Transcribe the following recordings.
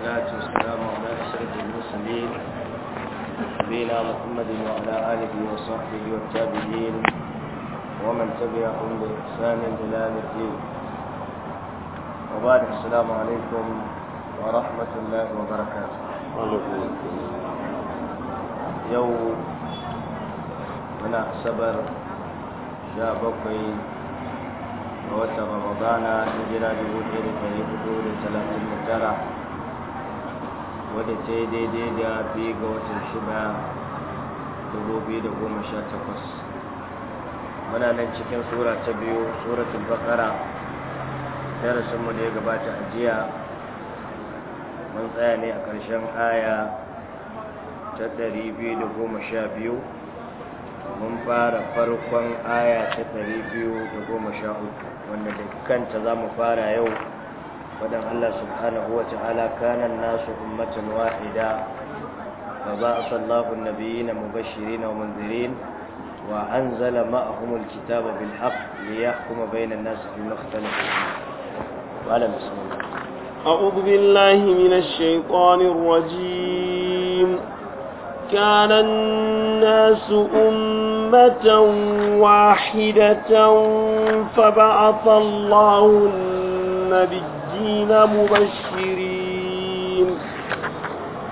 والصلاة والسلام على أشرف المرسلين نبينا محمد وعلى آله وصحبه والتابعين ومن تبعهم بإحسان إلى الدين وبعد السلام عليكم ورحمة الله وبركاته يوم من صبر جاء بقي watan رمضان hijira dubu ɗaya da ɗari hudu da wadda ta yi daidai da biyu ga watan shida takwas muna nan cikin tsura ta biyu tsoratun bakara darasinmu da ya gabata a jiya mun tsaya ne a ƙarshen aya ta 212 mun fara farkon aya ta 213 wanda da kanta za mu fara yau فدم الله سبحانه وتعالى كان الناس أمة واحدة فبعث الله النبيين مبشرين ومنذرين وأنزل معهم الكتاب بالحق ليحكم بين الناس فيما اختلفوا وعلى بسم الله أعوذ بالله من الشيطان الرجيم كان الناس أمة واحدة فبعث الله النبي مبشرين مبشرين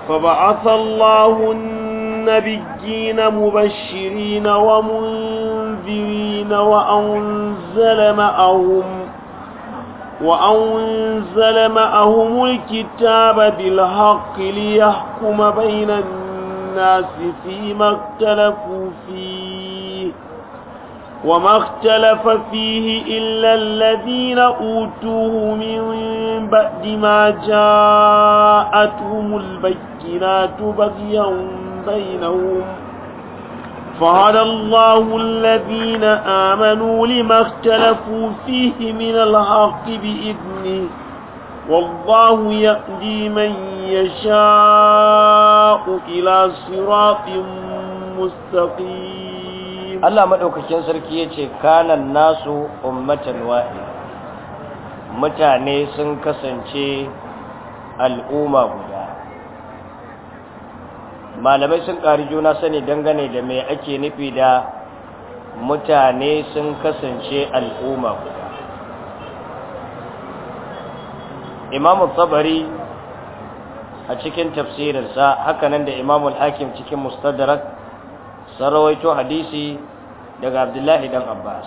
فبعث الله النبيين مبشرين ومنذرين وأنزل معهم وأنزل معهم الكتاب بالحق ليحكم بين الناس فيما اختلفوا فيه وما اختلف فيه إلا الذين أوتوه من بعد ما جاءتهم البينات بغيا بينهم فهدى الله الذين آمنوا لما اختلفوا فيه من الحق بإذنه والله يهدي من يشاء إلى صراط مستقيم Allah madaukakin sarki yace kanan nasu ummatan wa’i mutane sun kasance al'umma guda malamai sun ƙari juna sani dangane da mai ake nufi da mutane sun kasance al'umma guda imamu tsabari a cikin tafsirinsa hakanan da imamu hakim cikin mustadrak sarawaito hadisi daga abdullahi dan abbas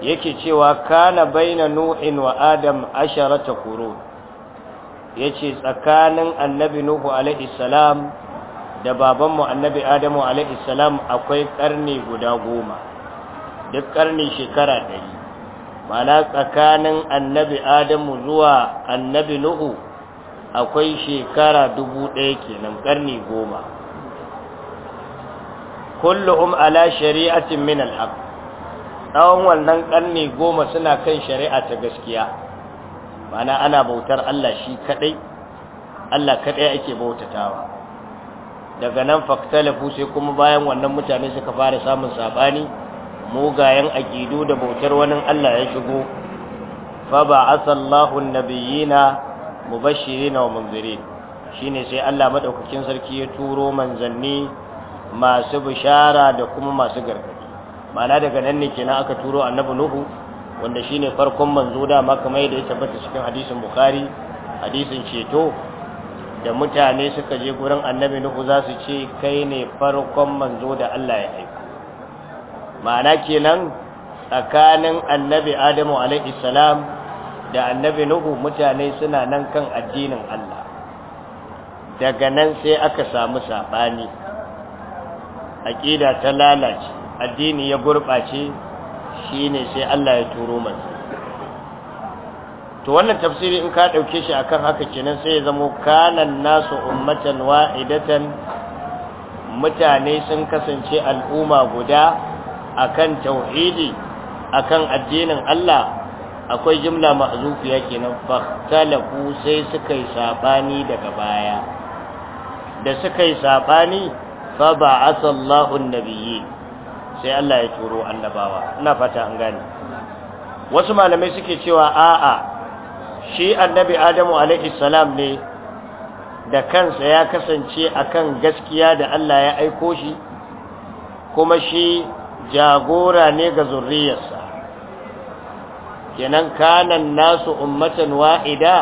yake cewa kana baina nuhin wa adam asharata qurun yace tsakanin annabi nuhu alaihi salam da babanmu annabi adamu alaihi salam akwai karni guda goma duk karni shekara ɗari mana tsakanin annabi adamu zuwa annabi nuhu akwai shekara dubu ɗaya kenan karni goma kulluhum ala shari'atin min al-haq tsawon wannan ƙarni goma suna kan shari'a ta gaskiya mana ana bautar Allah shi kadai Allah kadai ake bautatawa daga nan faktalafu sai kuma bayan wannan mutane suka fara samun sabani mugayen aqidu da bautar wani Allah ya shigo fa ba'atha Allahu an-nabiyina mubashirin wa munzirin shine sai Allah madaukakin sarki ya turo manzanni masu bishara da kuma masu gargadi ma'ana daga nan ne kenan aka turo annabi nuhu wanda shine farkon manzo da maka mai da ya tabbata cikin hadisin bukhari hadisin ceto da mutane suka je gurin annabi nuhu za su ce kai ne farkon manzo da Allah ya aika ma'ana kenan tsakanin annabi adamu alaihi salam da annabi nuhu mutane suna nan kan addinin Allah daga nan sai aka samu sabani aqida ta lalace addini ya gurbace shine sai Allah ya turo masa. to wannan tafsiri in ka ɗauke shi akan haka kenan sai ya zama kanan nasu ummatan wa'idatan mutane sun kasance al'umma guda akan tauhidi akan addinin Allah akwai jumla nan kenan fahtalaku sai suka yi sabani daga baya da suka yi sabani fa ba'atha Allahu an sai Allah ya turo annabawa ina fata an gane wasu malamai suke cewa a'a shi annabi Adamu alaihi salam ne da kansa ya kasance akan gaskiya da Allah ya aiko shi kuma shi jagora ne ga zurriyarsa kenan kanan nasu ummatan wa'ida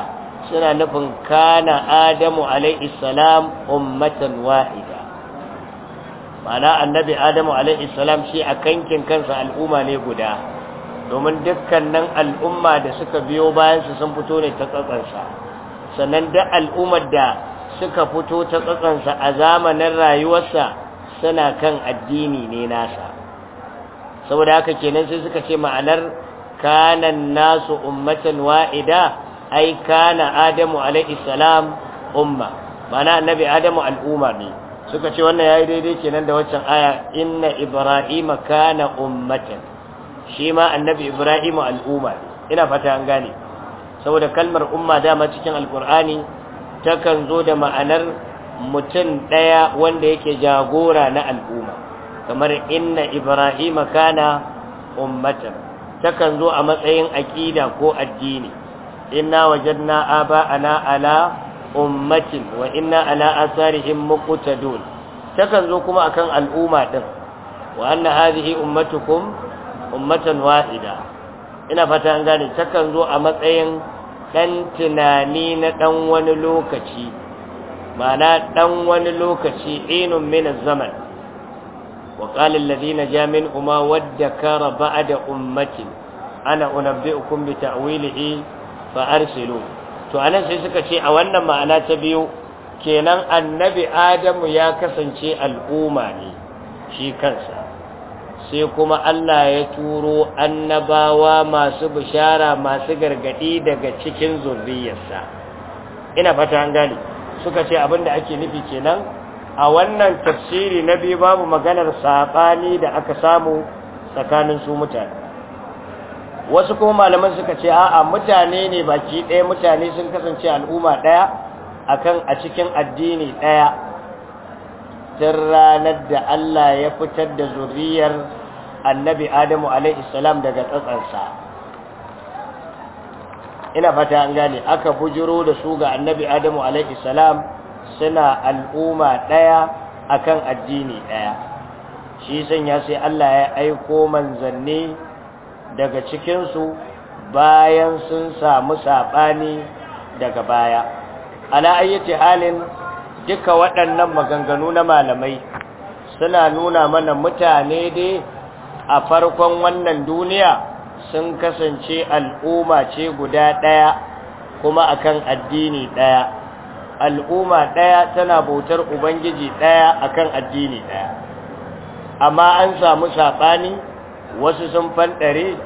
suna nufin kana Adamu alaihi salam ummatan wa'ida Mana annabi adamu alaihi salam shi a kankin kansa al'umma ne guda domin dukkanin al'umma da suka biyo bayansu sun fito ne ta tsatsansa sannan da al'ummar da suka fito ta tsatsansa a zamanin rayuwarsa suna kan addini ne nasa saboda haka kenan sai suka ce ma'anar kanan nasu ummatan wa'ida ai kana adamu alaihi salam umma mana annabi adamu al'umma ne suka ce wannan yayi daidai nan da waccan aya inna ibrahima kana ummatan shi ma annabi Ibrahim al'umma ina fata an gane saboda kalmar umma dama cikin alkur'ani takan zo da ma'anar mutum ɗaya wanda yake jagora na al'umma kamar inna ibrahima kana ummatan takan zo a matsayin aƙida ko addini inna wajen na aba ana ala ummatin wa inna ala asarihim muqtadun takan zo kuma akan al'umma din wa anna hadhihi ummatukum ummatan wahida ina fata an gane takan zo a matsayin dan tunani na dan wani lokaci ma'ana dan wani lokaci inun min zaman wa qala alladhina ja min umma wadakara ba'da ummatin ana unabbi'ukum bi ta'wilihi fa arsilu to anan sai suka ce a wannan ma'ana ta biyu kenan annabi adamu ya kasance al'umma ne shi kansa sai kuma Allah ya turo annabawa masu bishara masu gargadi daga cikin zurriyarsa ina fata an gane suka ce abinda ake nufi kenan a wannan tafsiri na biyu babu maganar sabani da aka samu tsakanin su mutane wasu kuma malaman suka ce a'a mutane ne baki ɗaya mutane sun kasance al'umma ɗaya akan a cikin addini ɗaya tun ranar da Allah ya fitar da zuriyar annabi Adamu alaihi daga tsatsansa ina fata an gane aka bujiro da su ga annabi Adamu alaihi suna al'umma ɗaya akan addini ɗaya shi sanya sai Allah ya aiko manzanni daga cikinsu bayan sun samu saɓani daga baya ala ayyati halin duka waɗannan maganganu na malamai suna nuna mana mutane dai a farkon wannan duniya sun kasance al'umma ce guda ɗaya kuma akan addini ɗaya al'umma ɗaya tana bautar ubangiji ɗaya akan addini ɗaya amma an samu saɓani wasu sun fanɗare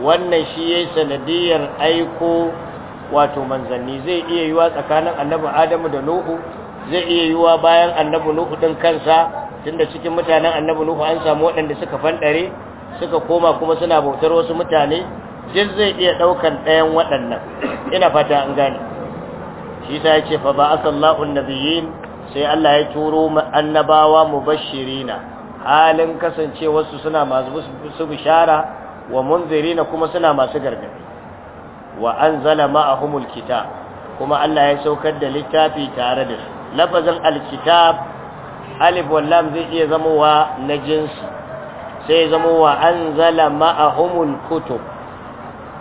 wannan shi ya yi sanadiyar aiko wato manzanni zai iya yiwa tsakanin annabi adamu da nuhu zai iya yiwa bayan annabi nuhu ɗin kansa tunda cikin mutanen annabi nuhu an samu waɗanda suka fanɗare suka koma kuma suna bautar wasu mutane duk zai iya ɗaukan ɗayan waɗannan ina fata an gane shi ta ce fa ba asallahu sai Allah ya turo annabawa mu mubashirina halin kasancewarsu suna masu su bishara wa munzirina kuma suna masu gargadi wa anzala ma'ahumul kitab kuma Allah ya saukar da littafi tare da su lafazin alkitab alif wal zai iya zamowa na jinsi sai zama wa anzala ma'ahumul kutub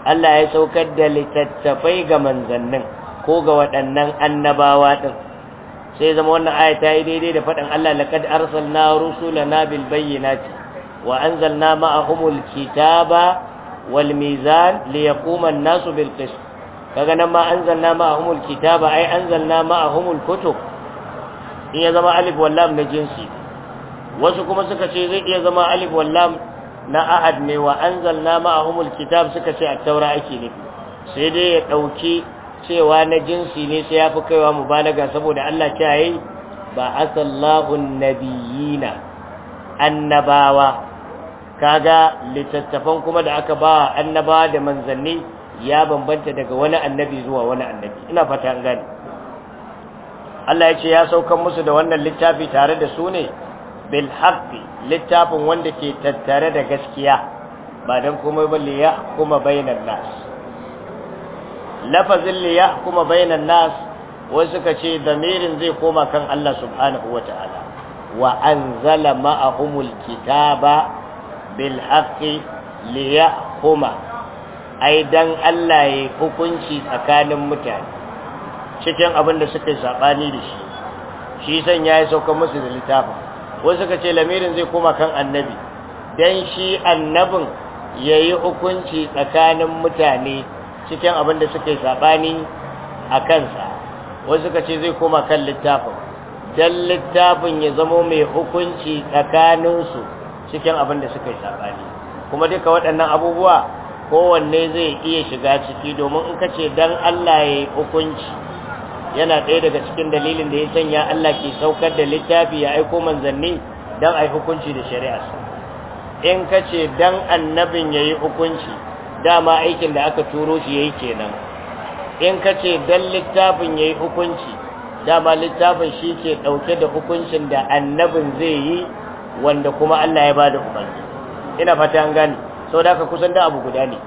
Allah ya saukar da littattafai ga manzannin ko ga waɗannan annabawa ɗin. sai zama wannan aya ta yi daidai da faɗin Allah na laqad arsalna rusulana bil ce wa anzalna ma'ahumul kitaba wal walmizan liyaquma an-nasu bil kaga nan ma anzalna ma'ahumul kitaba ai anzalna ma'ahumul kutub in ya zama alif wallam na jinsi wasu kuma suka ce zai iya zama alif wallam na ahad ne wa anzalna ma'ahumul kitab suka ce a taura ake nufi sai dai ya dauki cewa na jinsi ne sai ya fi kaiwa mubalaga saboda Allah ce yayi ba asallahu nabiyina annabawa kaga littattafan kuma da aka ba annabawa da manzanni ya bambanta daga wani annabi zuwa wani annabi ina fata an gani. Allah ya ce ya saukan musu da wannan littafi tare da su ne bil haqqi littafin wanda ke tattare da gaskiya ba dan komai ba li yahkuma bainan nas lafazin li yahkuma bainan nas wasu suka ce damirin zai koma kan Allah subhanahu wataala wa anzala ma'ahumul kitaba bil haqqi li yahkuma ai dan Allah ya hukunci tsakanin mutane cikin abin da suka yi sabani da shi shi san yayi sauka musu da littafin wasu suka ce lamirin zai koma kan annabi dan shi annabin yayi hukunci tsakanin mutane cikin abin da suka yi saɓani a kansa wasu suka ce zai koma kan littafin don littafin ya zamo mai hukunci tsakaninsu cikin abin da suka yi saɓani kuma duka waɗannan abubuwa kowanne zai iya shiga ciki domin in ka ce don Allah ya yi hukunci yana ɗaya daga cikin dalilin da ya sanya Allah ke saukar da littafi ya aiko manzanni don a hukunci da shari'a in ka ce don annabin ya yi hukunci dama aikin da aka turo shi yayi kenan in ka ce dan littafin yayi hukunci dama littafin shi ke ɗauke da hukuncin da annabin zai yi wanda kuma Allah ya ba da umarni ina fata an gane sau da kusan da abu guda ne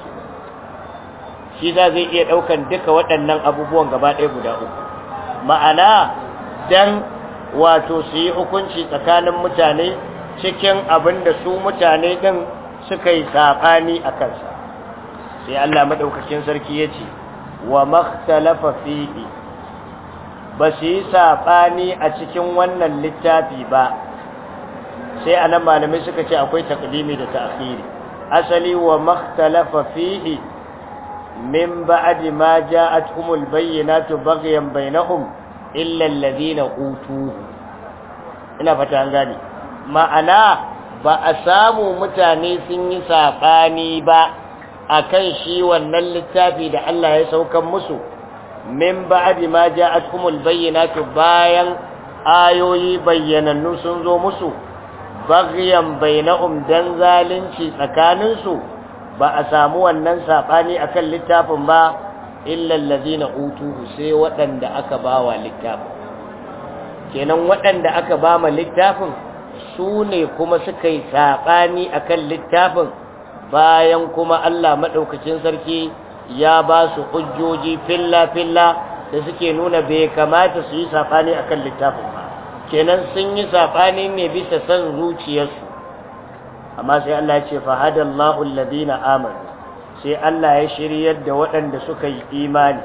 shi za zai iya ɗaukan duka waɗannan abubuwan gaba ɗaya guda uku ma'ana dan wato su yi hukunci tsakanin mutane cikin abin da su mutane din suka yi saɓani a kansu sai Allah madaukakin sarki yace wa makhtalafa fihi ba su yi sabani a cikin wannan littafi ba sai anan malamai suka ce akwai taqdimi da ta'khiri asali wa makhtalafa fihi min ba'di ma ja'atuhumul bayyinatu baghyan bainahum illa alladhina utuhu ina fata an gane ma'ana ba a samu mutane sun yi saɓani ba a kan shi wannan littafi da Allah ya saukan musu min ba'di ma ja'atkumul bayyinatu bayan ayoyi bayyanannu sun zo musu baghyan bainahum dan zalunci tsakaninsu ba a samu wannan sabani akan littafin ba illa allazina utuhu sai waɗanda aka bawa littafin kenan waɗanda aka bama littafin su ne kuma suka yi sabani akan littafin bayan kuma Allah maɗaukacin sarki ya ba su hujjoji filla-filla da suke nuna bai kamata su yi safani a kan littafin ba kenan sun yi safani ne bisa son zuciyarsu amma sai Allah ya ce fahadallahu alladhina amanu sai Allah ya shiryar da waɗanda suka yi imani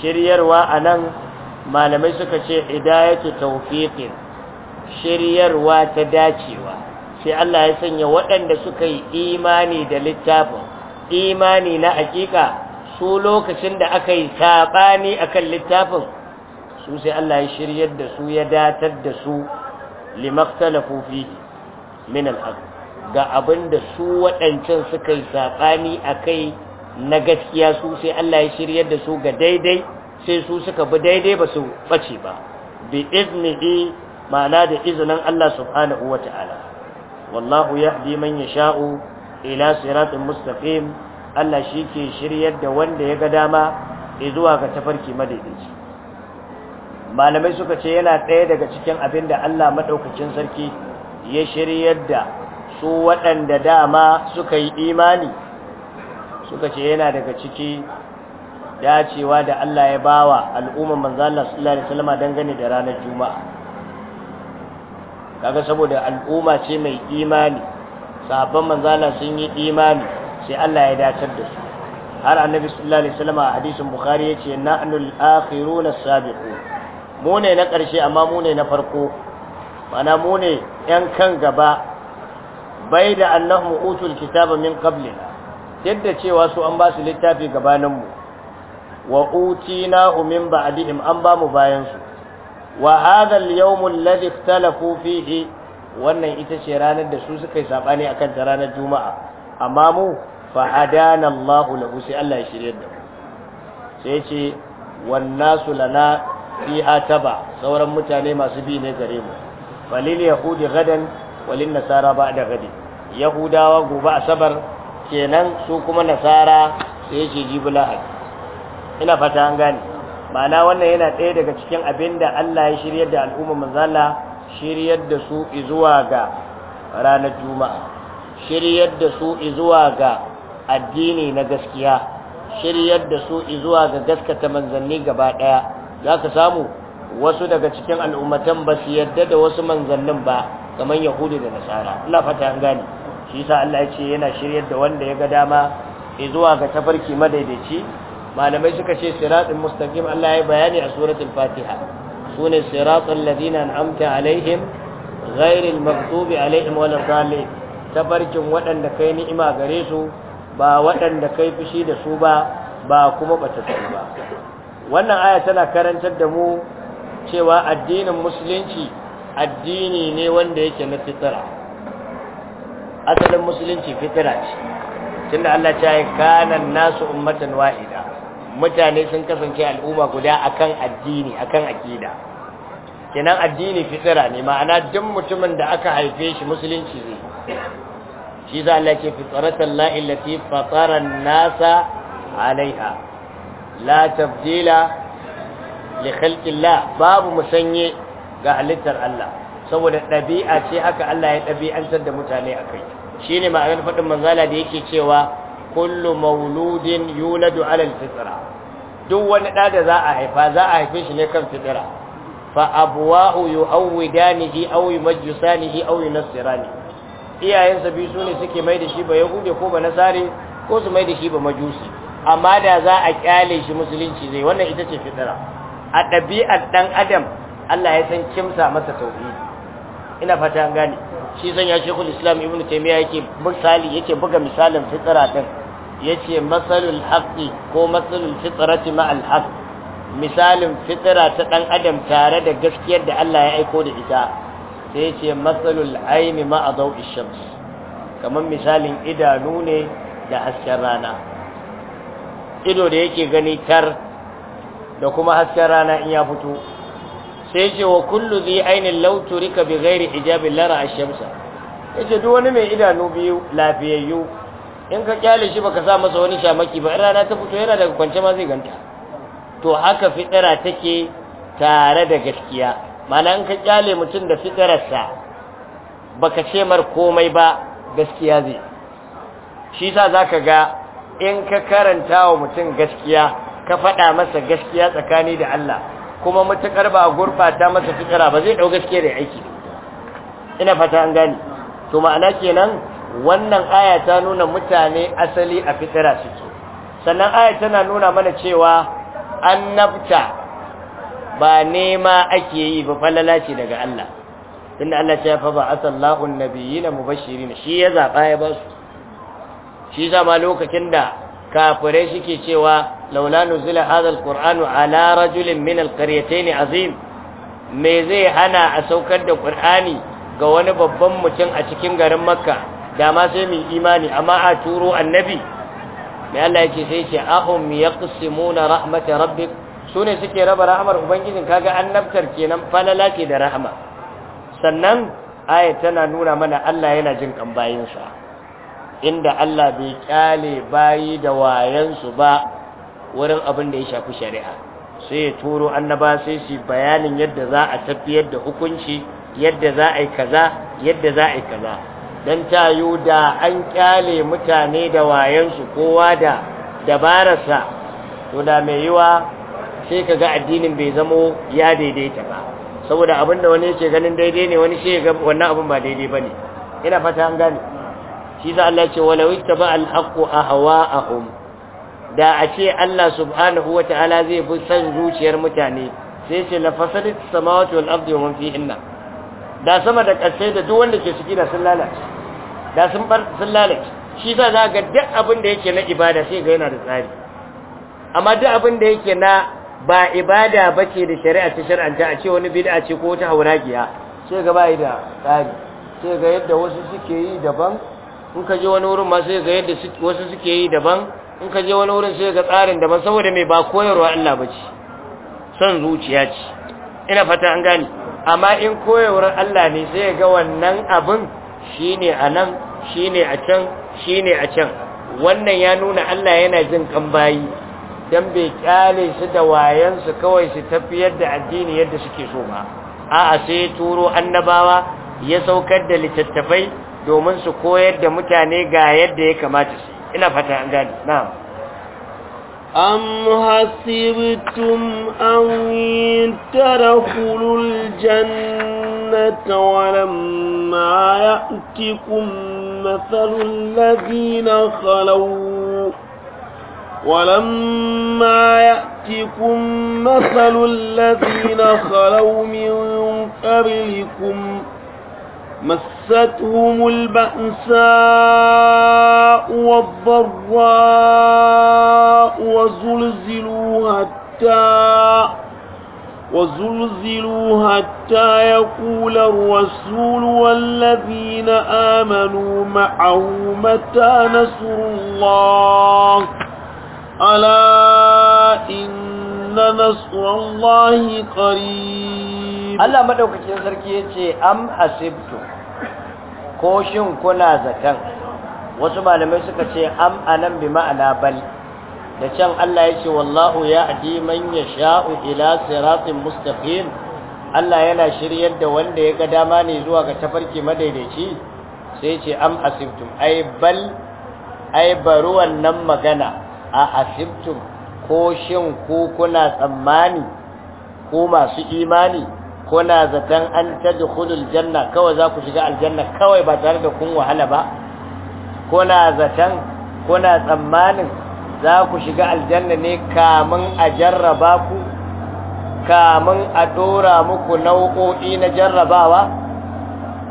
shiryarwa anan malamai suka ce idayatu tawfiqin shiryarwa ta dacewa sai Allah ya sanya waɗanda suka yi imani da littafin imani na hakika su lokacin da aka yi saɓani akan littafin su sai Allah ya shiryar da su ya datar da su limaktalafu fihi min ga abin da su waɗancan suka yi saɓani akai na gaskiya su sai Allah ya shiryar da su ga daidai sai su suka bi daidai ba su ɓace ba bi iznihi ma'ana da izinin Allah subhanahu wa ta'ala wallahu yahdi man yasha'u ila siratin mustaqim Allah shi ke shiryar da wanda ya ga dama zuwa ga tafarki madaidaici malamai suka ce yana ɗaya daga cikin abinda Allah maɗaukacin sarki ya shiryar da su waɗanda dama suka yi imani suka ce yana daga ciki dacewa da Allah ya bawa al'umman manzo Allah sallallahu alaihi wasallam dangane da ranar juma'a kaga saboda al'umma ce mai imani sahabban manzala sun yi imani sai Allah ya dacar da su har annabi sallallahu alaihi wasallam a hadisin bukhari yace na'nul akhiruna sabiqu mu ne na karshe amma mu ne na farko mana mu ne yan kan gaba bai da annahum utul kitaba min qablina yadda cewa su an ba su littafi gabanin mu wa utinahu min ba'dihim an ba mu bayan su wa hadha al-yawm alladhi ikhtalafu fihi wannan ita ce ranar da su suka yi sabani akan ta ranar juma'a amma mu fa hadana Allah lahu sai Allah ya shirye da mu sai ce wan nasu lana fiha taba sauran mutane masu bi ne gare mu falil yahudi gadan walin nasara ba'da gadi yahudawa gobe asabar kenan su kuma nasara sai ce jibula ina fata an gane ma'ana wannan yana ɗaya daga cikin abin da Allah ya shiryar da al'umma manzala shiryar da su izuwa ga ranar juma'a shiryar da su izuwa ga addini na gaskiya shiryar da su izuwa ga gaskata manzanni gaba ɗaya za ka samu wasu daga cikin al'ummatan ba su yarda da wasu manzannin ba kamar yahudu da nasara Allah fata an gane shi yasa Allah ya ce yana shiryar da wanda ya ga dama izuwa ga tafarki madaidaici malamai suka ce siratul mustaqim Allah ya bayani a suratul Fatiha sune siratul ladina an'amta alaihim ghairil maghdubi alaihim ta barkin waɗanda kai ni'ima gare su ba waɗanda kai fushi da su ba ba kuma bata su ba wannan aya tana karantar da mu cewa addinin musulunci addini ne wanda yake na asalin musulunci fitira ce tunda Allah ya ce kana nasu ummatan wahida mutane sun kasance al'umma guda akan addini akan akida kenan addini fitsira ne ma'ana duk mutumin da aka haife shi musulunci ne shi za Allah ke fitaratan la illati fataran nasa alaiha la tabdila li khalqillah babu musanye ga halittar Allah saboda ɗabi'a ce haka Allah ya ɗabi'antar da mutane akai shine ma'anar faɗin manzala da yake cewa kullu mauludin yuladu alal fitra duk wani ɗa da za a haifa za a haife shi ne kan fitira fa abuwahu yu'awidanihi aw yumajjisanihi aw yunassirani iyayensa biyu su ne suke mai da shi ba yahude ko ba nasare ko su mai da shi ba majusi amma da za a kyale shi musulunci zai wannan ita ce fitira a ɗabi'ar ɗan adam Allah ya san kimsa masa tauhidi ina fata an gane shi zan ya shekul islam ibnu taymiya yake misali yake buga misalin fitira din yace masalul haqqi ko masalul fitrati ma'al haqq misalin fitra ta dan adam tare da gaskiyar da Allah ya aiko da ita sai yace masalul aini ma'a dawi shams kaman misalin idanu ne da hasken rana ido da yake gani tar da kuma hasken rana in ya fito sai yace wa kullu dhi ainin law turika bi ghairi hijabi lara ash-shamsa yace duk wani mai idanu biyu lafiyayyu in ka kyale shi baka sa masa wani shamaki ba rana ta fito yana daga kwance ma zai ganta to haka fitara take tare da gaskiya mana in ka kyale mutum da fitararsa baka ce mar komai ba gaskiya zai shi sa zaka ga in ka karanta wa mutum gaskiya ka faɗa masa gaskiya tsakani da Allah kuma mutakar ba gurbata masa fitara ba zai dau gaskiya da aiki ina fata an gani to ma'ana kenan wannan aya ta nuna mutane asali a fitira suke sannan aya tana nuna mana cewa annabta ba nema ake yi ba falala ce daga Allah tunda Allah ya fa ba asallahu annabiyina mubashirin shi ya zaba ya ba su shi ma lokacin da kafirai suke cewa laula nuzila hadha alqur'anu ala rajulin min alqaryatayn azim me zai hana a saukar da qur'ani ga wani babban mutum a cikin garin makka da sai mu imani amma a turo annabi mai Allah yake sai ce ahum yaqsimuna rahmat rabbik sune suke raba rahmar ubangijin kaga annabtar kenan falala ce da rahma sannan aya tana nuna mana Allah yana jin kan bayinsa inda Allah bai kyale bayi da wayansu ba wurin abin da ya shafi shari'a sai ya turo annaba sai shi bayanin yadda za a tafiyar da hukunci yadda za a yi kaza yadda za a yi kaza dan tayo da an kyale mutane da wayansu kowa da dabararsa to da mai yiwa sai ka ga addinin bai zamo ya daidaita ba saboda abin da wani yake ganin daidai ne wani sai ga wannan abin ba daidai ba ne. ina fata an gane shi da Allah ce wala wittaba al-haqqu ahwa'ahum da a ce Allah subhanahu wataala zai fi san zuciyar mutane sai ce na fasadat samawati wal ardi wa man fihinna da sama da ƙasai da duk wanda ke ciki da sun lalace da sun bar sun lalace shi sa za ga duk abin da yake na ibada sai ga yana da tsari amma duk abin da yake na ba ibada bace da shari'a ta shar'anta a ce wani bid'a ce ko wata hauragiya sai ga bai da tsari sai ga yadda wasu suke yi daban in ka je wani wurin ma sai ga yadda wasu suke yi daban in ka je wani wurin sai ga tsarin daban saboda mai ba koyarwa Allah bace son zuciya ce ina fata an gani amma in koyarwar Allah ne sai ga wannan abin shine a nan shine a can shine a can wannan ya nuna Allah yana jin kan bayi dan bai kyale su da wayansu kawai su tafiyar da addini yadda suke so ba a'a sai ya turo annabawa ya saukar da littattafai domin su koyar da mutane ga yadda ya kamata su ina fata an gani na'am أم حسبتم أن تدخلوا الجنة ولما يأتكم مثل الذين خلوا ولما يأتكم مثل الذين خلوا من قبلكم مستهم البأساء والضراء وزلزلوا حتى وزلزلوا حتى يقول الرسول والذين آمنوا معه متى نصر الله ألا إن نصر الله قريب Allah madaukakin sarki yace am hasibtu ko shin kuna zatan wasu malamai suka ce am anan bi ma'ana bal da can Allah yace wallahu adi man yasha'u ila siratin mustaqim Allah yana shiryar da wanda ya ga dama ne zuwa ga tafarki madaidaici sai ce am hasibtum ai bal ai wannan magana a hasibtum ko shin ku kuna tsammani ko masu imani kuna zaton an tadkhulul janna kawai za ku shiga aljanna kawai ba tare da kun wahala ba kuna zaton kuna tsammanin za ku shiga aljanna ne kamun a jarraba ku kamun a dora muku nau'o'i na jarrabawa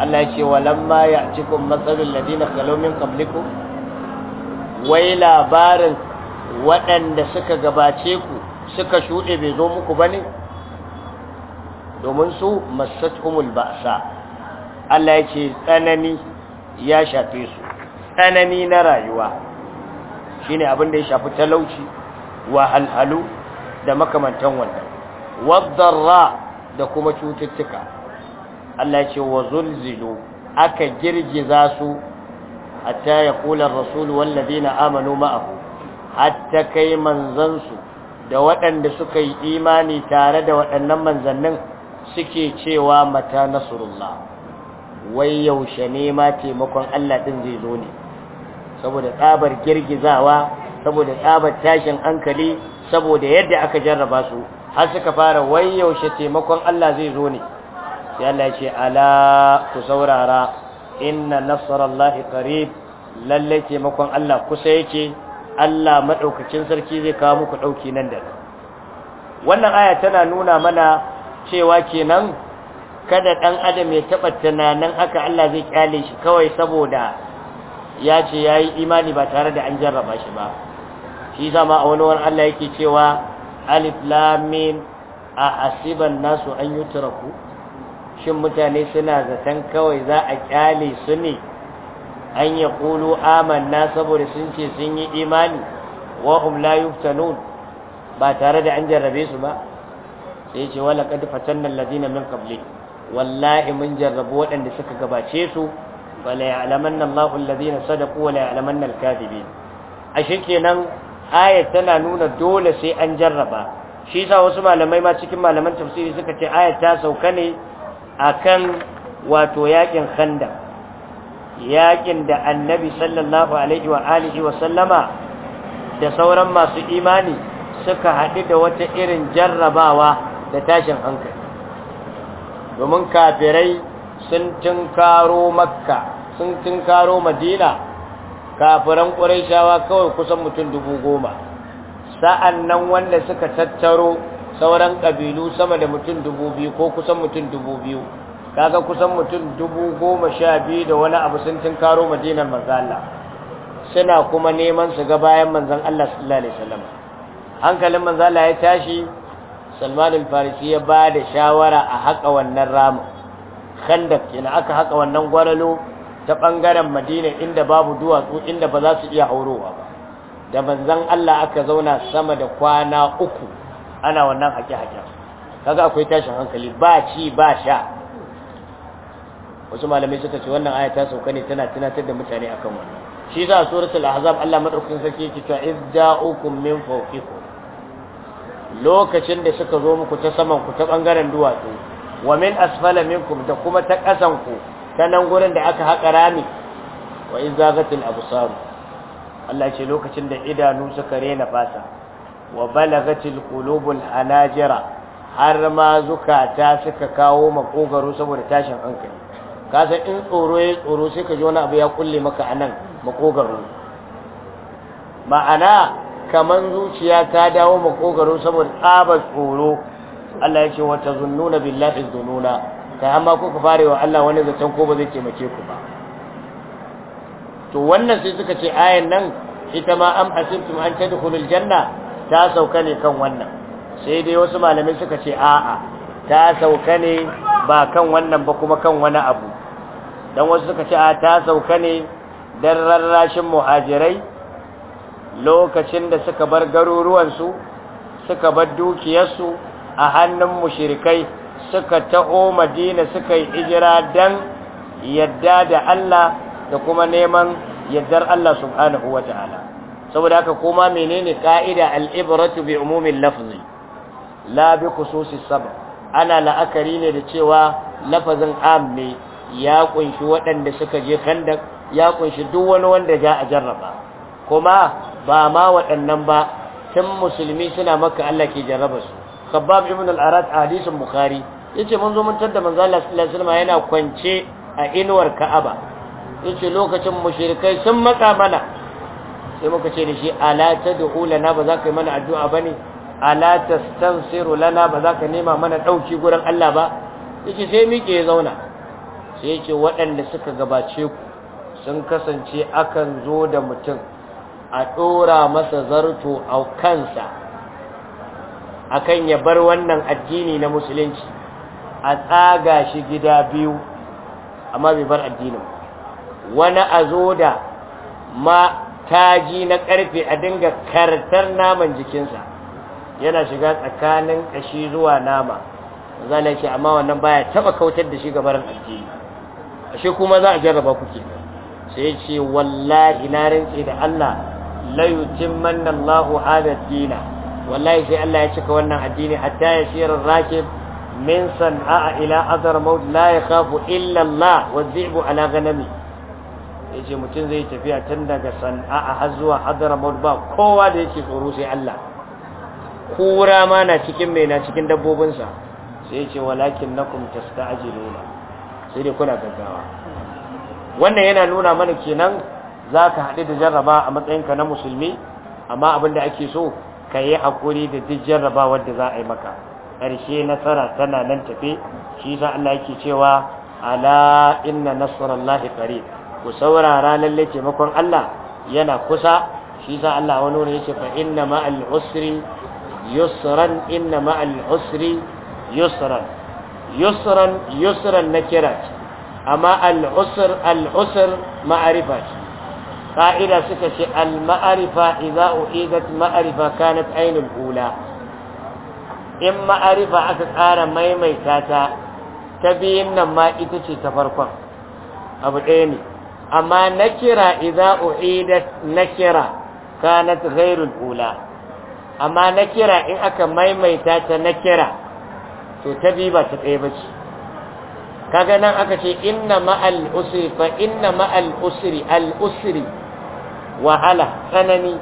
Allah ce walamma ya'tikum matsalul ladina khalaw min qablikum wai labarin waɗanda suka gabace ku suka shuɗe bai zo muku bane domin su masatumul ba'sa Allah ya ce tsanani ya shafe su tsanani na rayuwa shine abin da ya shafi talauci wa halhalu da makamantan wannan wadarra da kuma cututtuka Allah ya ce wa aka girgiza su a yaqula ar-rasul wal ladina amanu ma'ahu hatta kai manzansu da waɗanda suka yi imani tare da waɗannan manzannin suke cewa mata nasrullah wai yaushe ne ma taimakon Allah din zai zo ne saboda tsabar girgizawa saboda tsabar tashin hankali saboda yadda aka jarraba su har suka fara wai yaushe taimakon Allah zai zo ne sai Allah ya ce ala ku saurara inna nasrallahi qarib lalle taimakon Allah kusa yake Allah madaukakin sarki zai kawo muku dauki nan da wannan aya tana nuna mana cewa kenan kada ɗan adam ya taɓa tunanin haka Allah zai kyale shi kawai saboda ya ce yayi imani ba tare da an jarraba shi ba shi zama a wani wani Allah yake cewa alif lamin a asiban nasu an yutraku shin mutane suna zaton kawai za a kyale su ne an ya kulu amanna saboda sun ce sun yi imani wa hum la yuftanun ba tare da an jarrabe su ba sai ce wala qad fatanna alladhina min qabli wallahi mun jarrabu waɗanda suka gabace su wala ya'lamanna Allahu alladhina sadaqu wala ya'lamanna al A ashe kenan ayat tana nuna dole sai an jarraba shi sa wasu malamai ma cikin malaman tafsiri suka ce ayat ta sauka ne akan wato yakin khanda yakin da annabi sallallahu alaihi wa alihi wa sallama da sauran masu imani suka haɗu da wata irin jarrabawa da tashin hankali domin kafirai sun tunkaro makka sun tunkaro madina kafiran ƙwarishawa kawai kusan mutum dubu goma sa'an nan wanda suka tattaro sauran ƙabilu sama da mutum dubu biyu ko kusan mutum dubu biyu kaga kusan mutum dubu goma sha biyu da wani abu sun tunkaro madinar manzan Allah suna kuma neman su ga bayan manzan Allah sallallahu alaihi wasallam hankalin manzala ya tashi salmanin farisi ya ba da shawara a haƙa wannan ramin khandak kenan aka haƙa wannan gwalalo ta ɓangaren madina inda babu duwatsu inda ba za su iya haurowa ba da manzan Allah aka zauna sama da kwana uku ana wannan haƙe-haƙen kaga akwai tashin hankali ba ci ba sha wasu malamai suka ce wannan aya ta sauka ne tana tunatar da mutane akan wannan shi za a suratul ahzab Allah madaukakin sarki yake cewa iz ja'ukum min fawqikum lokacin da suka zo muku ta saman ku ta bangaren duwatsu wa min asfala minkum da kuma ta kasan ku ta nan gurin da aka haƙa rami wa izagatil absar Allah ce lokacin da idanu suka rena fasa wa balagatil qulubul anajira, har ma zukata suka kawo makogaro saboda tashin hankali kasan in tsoro ya tsoro sai ka ji wani abu ya kulle maka anan makogaro ma'ana kaman zuciya ta dawo makogaro saboda tsaba tsoro Allah ya ce wa tazunnuna billahi zununa kai amma ku ku fare wa Allah wani zaton ko ba zai taimake ku ba to wannan sai suka ce ayan nan ita ma am hasibtum an tadkhulul janna ta sauka ne kan wannan sai dai wasu malamai suka ce a'a ta sauka ne ba kan wannan ba kuma kan wani abu dan wasu suka ce a ta sauka ne dan rarrashin muhajirai lokacin da suka bar garuruwan su suka bar dukiyarsu a hannun mushirikai suka taho madina suka yi ijira dan yadda da Allah da kuma neman yaddar Allah subhanahu wa ta'ala saboda haka kuma menene ka'ida al'ibratu bi umumin lafzi la bi khususi sab ana la'akari ne da cewa lafazin am ne ya kunshi waɗanda suka je kandak ya kunshi duk wani wanda ja a jarraba kuma ba ma waɗannan ba tun musulmi suna maka Allah ke jarraba su khabbab ibn al-arad a hadisin bukhari yace mun zo mun tadda manzo Allah sallallahu alaihi wasallam yana kwance a inuwar ka'aba yace lokacin mushrikai sun matsa mana sai muka ce da shi ala tad'u lana ba za ka yi mana addu'a bane ala tastansiru lana ba za ka nema mana dauki gurin Allah ba yace sai muke ya zauna sai yace waɗanda suka gabace ku sun kasance akan zo da mutum a tsora masa zarto a kansa a kan ya bar wannan addini na musulunci a tsaga shi gida biyu amma bai bar addinin wani a zo da mataji na ƙarfe a dinga kartar naman jikinsa yana shiga tsakanin kashi zuwa nama zala ce amma wannan baya taba kautar da shi barin addini ashe kuma za a jarraba kuke sai ce wallahi na rintse da Allah la yutimmanna Allahu hadha ad-dina wallahi sai Allah ya cika wannan addini hatta ya shirar rakib min san'a ila azar maut la yakhafu illa yace mutum zai tafiya tun daga san'a har zuwa hadar ba kowa da yake tsoro sai Allah kura ma na cikin mai na cikin dabbobinsa sai yace walakin nakum tasta'jiluna sai dai kuna gaggawa wannan yana nuna mana kenan za ka haɗu da jarraba a matsayinka na musulmi amma abin da ake so ka yi haƙuri da duk jarraba wadda za a yi maka ƙarshe nasara tana nan tafe shi sa Allah yake cewa ala inna nasrallahi qarib ku saurara lalle taimakon Allah yana kusa shi sa Allah wani wuri yake fa inna ma'al usri yusran inna ma'al usri yusran yusran yusran na amma al usr al usr ma'arifa fa'ida suka ce al-ma'arifa idza uidat ma'arifa kanat ayn al in ma'arifa aka ƙara maimaita ta ta biyin nan ma ita ce ta farkon abu ɗaya ne amma nakira idza uidat nakira kanat ghairul ula amma nakira in aka maimaita ta nakira to ta bi ba ta ɗaya bace kaga nan aka ce inna ma al usri fa inna ma al wahala tsanani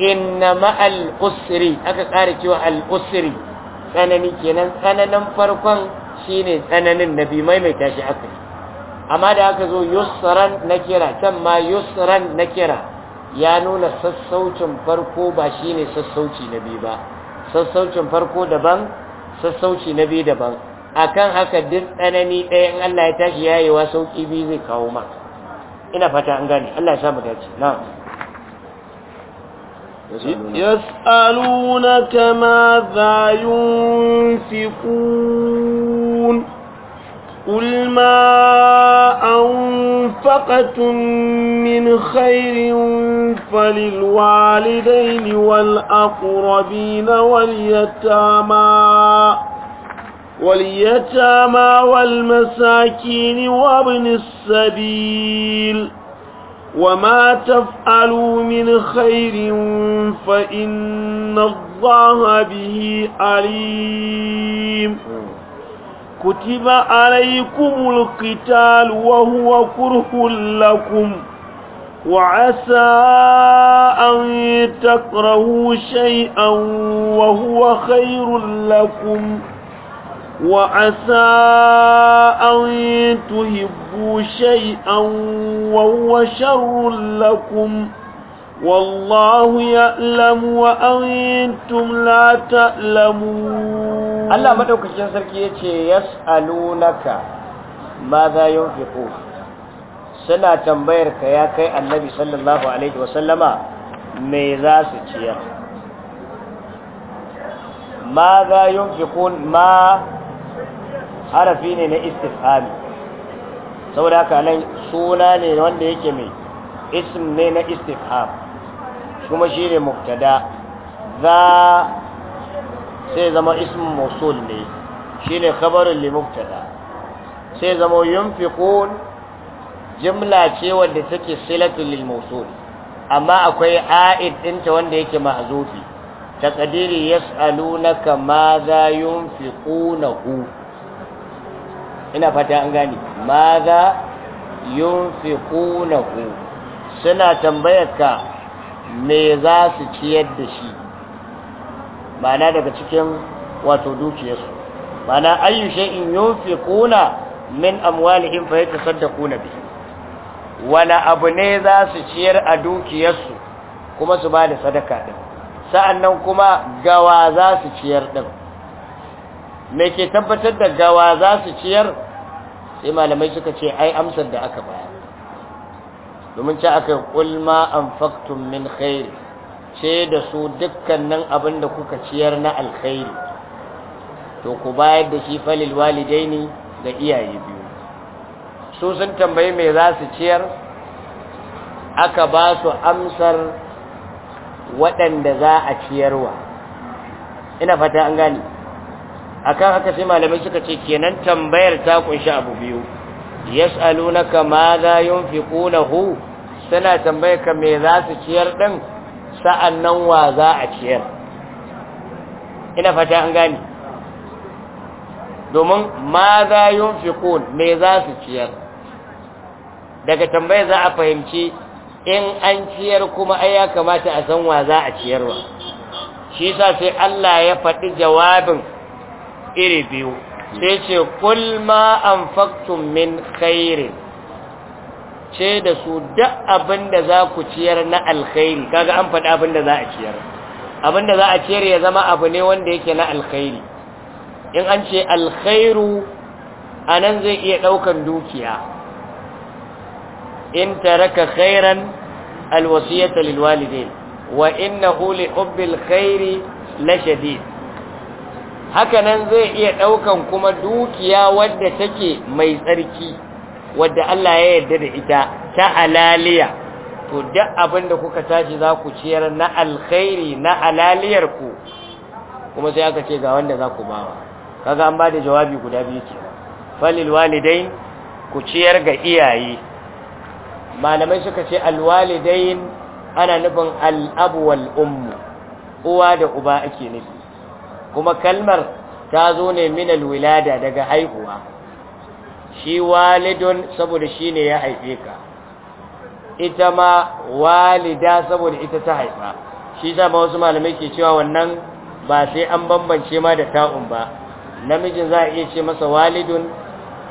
inna ma'al usri aka ƙara cewa al tsanani kenan tsananin farkon ne tsananin da bi maimaita shi aka amma da aka zo yusran na kira can ma yusran na kira ya nuna sassaucin farko ba ne sassauci na biyu ba sassaucin farko daban sassauci na biyu daban akan haka duk tsanani ɗaya in Allah ya tashi yayewa sauki biyu zai kawo maka ina fata an gane Allah ya samu dace na'am يسألونك ماذا ينفقون قل ما أنفقتم من خير فللوالدين والأقربين واليتامى واليتامى والمساكين وابن السبيل وما تفعلوا من خير فإن الله به عليم كتب عليكم القتال وهو كره لكم وعسى أن تكرهوا شيئا وهو خير لكم wa asa auyintu hibbu shai an wawwa sharrun lakum wallahu ya lamu wa auyintun lata lamu Allah maɗaukacin sarki ya ce ya tsalunaka ma za yi suna tambayar ka ya kai annabi sallallahu mai za su ciyar ma za yi ma harafi ne na istifhami saboda haka nan suna ne wanda yake mai ism ne na istifham kuma shi ne muktada za sai zama ismin musul ne shi ne khabarin limuktada sai zama yunfiqun jimla ce wadda take silatul lil mawsul amma akwai a'id dinta wanda yake ya taqdiri yas'alunaka kama za yunfiqunahu ina fata an gane maza yunfiqunahu suna tambayarka me za su ciyar da shi ma'ana daga cikin wato dukiyarsu ma'ana ayyu shay'in yunfiquna min amwalihim fa yatasaddaquna bihi wala abu ne za su ciyar a dukiyarsu kuma su ba da sadaka din sa'annan kuma gawa za su ciyar din me ke tabbatar da gawa za su ciyar sai malamai suka ce ai amsar da aka bayar domin ce aka kulma anfaqtum min khair ce da su dukkanin abin da kuka ciyar na alkhairi to ku bayar da shi falil walidaini ga iyaye biyu su sun tambayi me za su ciyar aka ba su amsar waɗanda za a ciyarwa ina fata an gani akan haka sai malamai suka ce kenan tambayar ta kunshi abu biyu yas'alunaka ma za yunfiqunahu suna tambayar ka me za su ciyar din sa'annan wa za a ciyar ina fata an gani domin ma za yunfiqun me za su ciyar daga tambayar za a fahimci in an ciyar kuma ai ya kamata a san wa za a ciyarwa shi yasa sai Allah ya faɗi jawabin iri biyu sai ce kul ma anfaqtum min ce da su duk abinda za ku ciyar na alkhairi kaga an faɗi abinda za a ciyar abinda za a ciyar ya zama abu ne wanda yake na alkhairi in an ce alkhairu anan zai iya ɗaukan dukiya in taraka khairan alwasiyata lilwalidain wa innahu li hubbil khairi la shadid hakanan zai iya ɗaukan kuma dukiya wadda take mai tsarki wadda Allah ya yarda da ita ta alaliya to duk abin da kuka tashi za ku ciyar na alkhairi na alaliyar ku kuma sai aka ce ga wanda za ku bawa kaga an bada jawabi guda biyu ke falil walidain ku ciyar ga iyaye malamai suka ce alwalidain ana nufin al'abu wal ummu uwa da uba ake nufi kuma kalmar ta zo ne minal wilada daga haihuwa shi walidun saboda shi ne ya haife ka ita ma walida saboda ita ta haifa shi zama wasu malamai ke cewa wannan ba sai an bambance ma da ta'un ba namijin za a iya ce masa walidun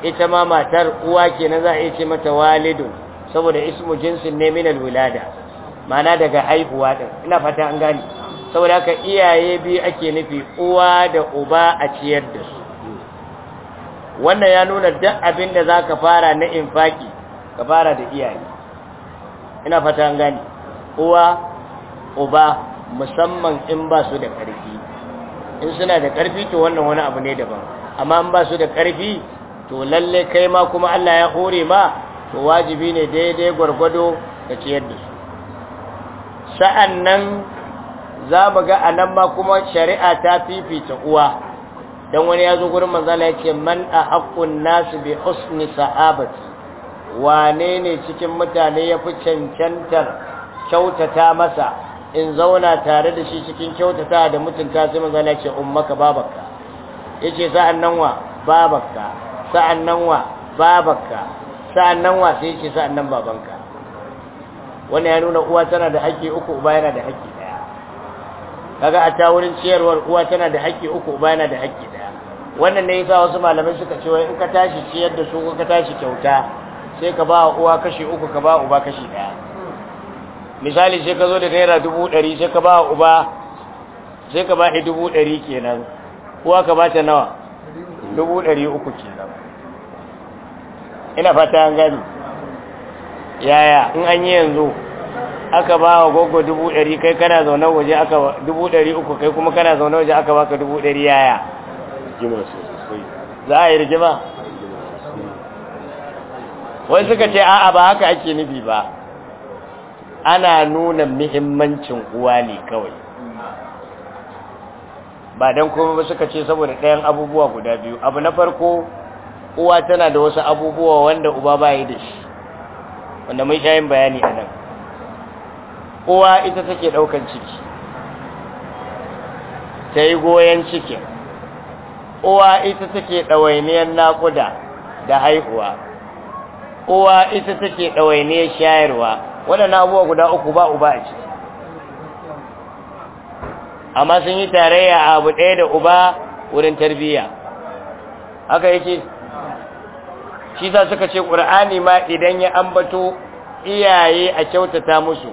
ita ma matar uwa kenan za a iya ce mata walidun saboda ismu jinsin ne minal wilada ma'ana daga haihuwa ɗin ina fata an gani saboda haka iyaye biyu ake nufi uwa da uba a ciyar da su wannan ya nuna duk abin da za ka fara na infaki ka fara da iyaye ina fata an gani uwa uba musamman in ba su da ƙarfi in suna da ƙarfi to wannan wani abu ne daban amma in ba su da ƙarfi to lalle kai ma kuma Allah ya hore ma to wajibi ne daidai gwargwado ka ciyar da su sa'annan za mu ga a nan ma kuma shari'a ta fifita uwa don wani ya zo gurin manzala ya ce man a haƙƙun nasu bi husni sa'abati wane ne cikin mutane ya fi cancantar kyautata masa in zauna tare da shi cikin kyautata da mutunta sai manzala ya ce ummaka babakka ya ce sa'an nan wa babakka sa'an nan wa babakka sa'an nan wa sai ya ce sa'an nan babanka wani ya nuna uwa tana da haƙƙi uku uba yana da haƙƙi kaga a ta wurin ciyarwar uwa tana da haƙƙi uku ba yana da haƙƙi ɗaya wannan ne yasa wasu malamai suka ce wai in ka tashi ciyar da su ko ka tashi kyauta sai ka ba uwa kashi uku ka ba uba kashi ɗaya misali sai ka zo da naira dubu ɗari sai ka ba uba sai ka ba shi dubu ɗari kenan uwa ka ba ta nawa dubu ɗari uku kenan ina fata an gani yaya in an yi yanzu aka ba wa gogo dubu ɗari kai kana zaune waje aka ba dubu ɗari uku kai kuma kana zaune waje aka baka dubu ɗari yaya za a yi rigima wai suka ce a'a ba haka ake nufi ba ana nuna muhimmancin uwa ne kawai ba don kuma ba suka ce saboda ɗayan abubuwa guda biyu abu na farko uwa tana da wasu abubuwa wanda uba ba yi da shi wanda mun sha yin bayani a nan uwa ita take ɗaukan ciki ta yi goyon ciki. uwa ita take ɗawainiyar naƙuda da haihuwa uwa ita take ɗawainiyar shayarwa waɗannan abubuwa guda uku ba uba a ciki amma sun yi tarayya a abu ɗaya da uba wurin tarbiyya haka yake shi za suka ce ƙura'ani ma idan ya ambato iyaye a kyautata musu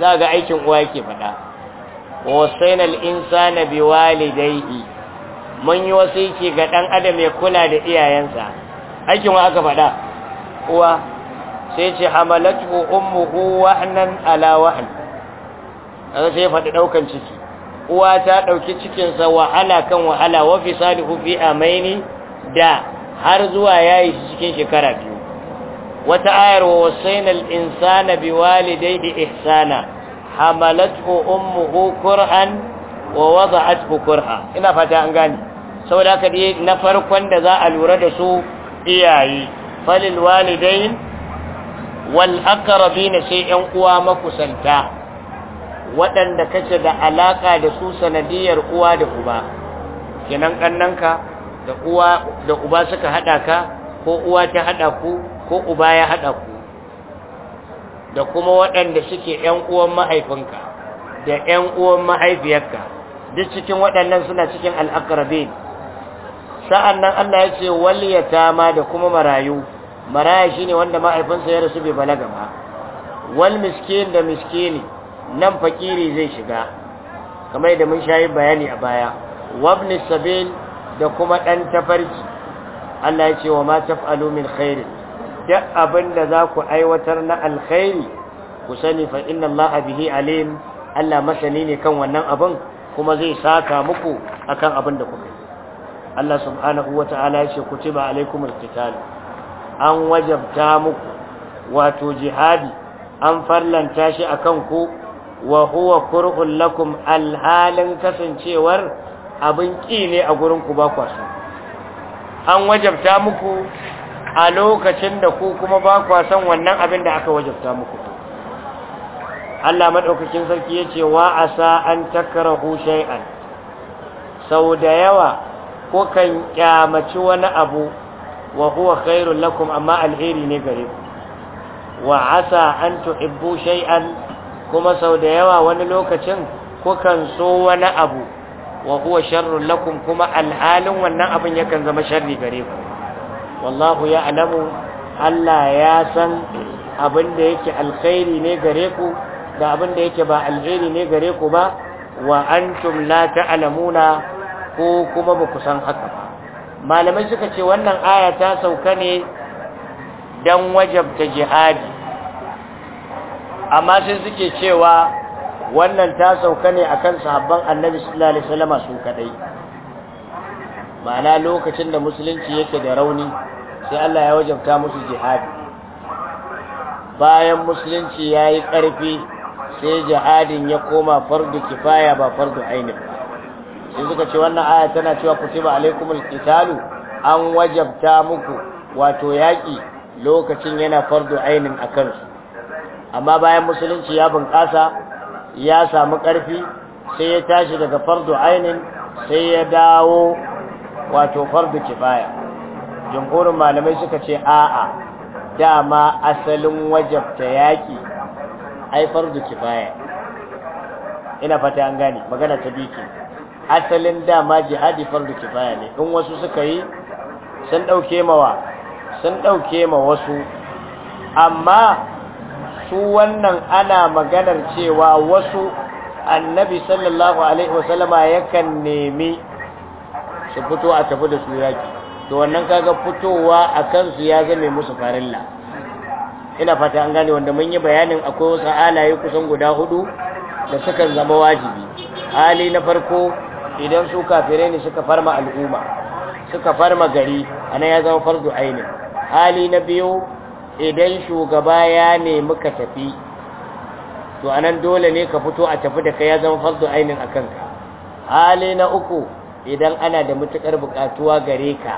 za ga aikin uwa yake faɗa wasaina al-insana biwalidayhi mun yi wasiki ga dan adam ya kula da iyayensa aikin wa aka faɗa uwa sai ce hamalatu ummuhu wahnan ala wahn kaga sai faɗi daukan ciki uwa ta dauki cikin sa wahala kan wahala wa fi salihu fi amaini da har zuwa yayi cikin shekara wata ayar wa wasainal insana bi ihsana hamalathu ummuhu qur'an wa wada'athu qur'a ina fata an gane saboda haka dai na farkon da za a lura da su iyaye falil walidai wal aqrabin sai yan uwa makusanta waɗanda kace da alaka da su sanadiyar uwa da uba kenan kannanka da uwa da uba suka hada ka ko uwa ta hada ku ko uba ya haɗa ku da kuma waɗanda suke ‘yan uwan mahaifinka da ‘yan uwan mahaifiyarka duk cikin waɗannan suna cikin al'akarabin sa'an nan Allah ya ce ta ma da kuma marayu maraya shi ne wanda mahaifinsa ya rasu bai balaga ba wal miskin da miskini nan fakiri zai shiga kamar da mun shayi bayani a baya wabni sabin da kuma ɗan tafarki Allah ya ce wa ma taf'alu min khairin duk abin da za ku aiwatar na alkhairi ku sani fa inna Allah bihi alim Allah masani ne kan wannan abin kuma zai saka muku akan abin da kuka yi Allah subhanahu wata'ala ya ce kutiba alaikum al-qital an wajabta muku wato jihadi an farlanta shi akan ku wa huwa kurhun lakum alhalin kasancewar abin ƙi ne a gurin ku ba kwasu an wajabta muku a lokacin da ku kuma ba son wannan abin da aka wajabta muku Allah madaukakin sarki yace wa asa an takrahu shay'an sau da yawa kukan kyamaci wani abu wa huwa khairul lakum amma alheri ne gare ku wa asa an tuhibbu shay'an kuma sau da yawa wani lokacin kukan so wani abu wa huwa sharrul lakum kuma alhalin wannan abin yakan zama sharri gare ku wallahu ya'lamu Allah ya san abin da yake alkhairi ne gare ku da abin da yake ba alheri ne gare ku ba wa antum la ta'lamuna ko kuma ba ku san haka ba malamai suka ce wannan aya ta sauka ne dan wajabta jihadi amma sai suke cewa wannan ta sauka ne akan sahabban annabi sallallahu alaihi wasallam su kadai ma'ana lokacin da musulunci yake da rauni sai Allah ya wajabta musu jihadi bayan musulunci ya yi ƙarfi sai jihadin ya koma fardu kifaya ba fardu ainihin sai suka ce wannan aya tana cewa kutiba alaikumul qitalu an wajabta muku wato yaƙi lokacin yana fardu ainin akan su amma bayan musulunci ya bunƙasa ya samu ƙarfi sai ya tashi daga fardu ainin sai ya dawo wato fardu kifaya jumhurin malamai suka ce a'a dama asalin wajabta yaki ai fardu kifaya ina fata an gane magana ta biki asalin dama jihadi fardu kifaya ne in wasu suka yi sun dauke mawa sun dauke ma wasu amma su wannan ana maganar cewa wasu annabi sallallahu alaihi wasallama yakan nemi su fito a tafi da su yaki to wannan kaga fitowa a kansu ya zame musu farilla ina fata an gane wanda mun yi bayanin akwai wasu halaye kusan guda hudu da sukan zama wajibi hali na farko idan su kafire ne suka farma al'umma suka farma gari ana ya zama fardu aini hali na biyu idan shugaba ya nemi ka tafi to anan dole ne ka fito a tafi da kai ya zama fardu ainin akan ka hali na uku idan ana da matukar bukatuwa gare ka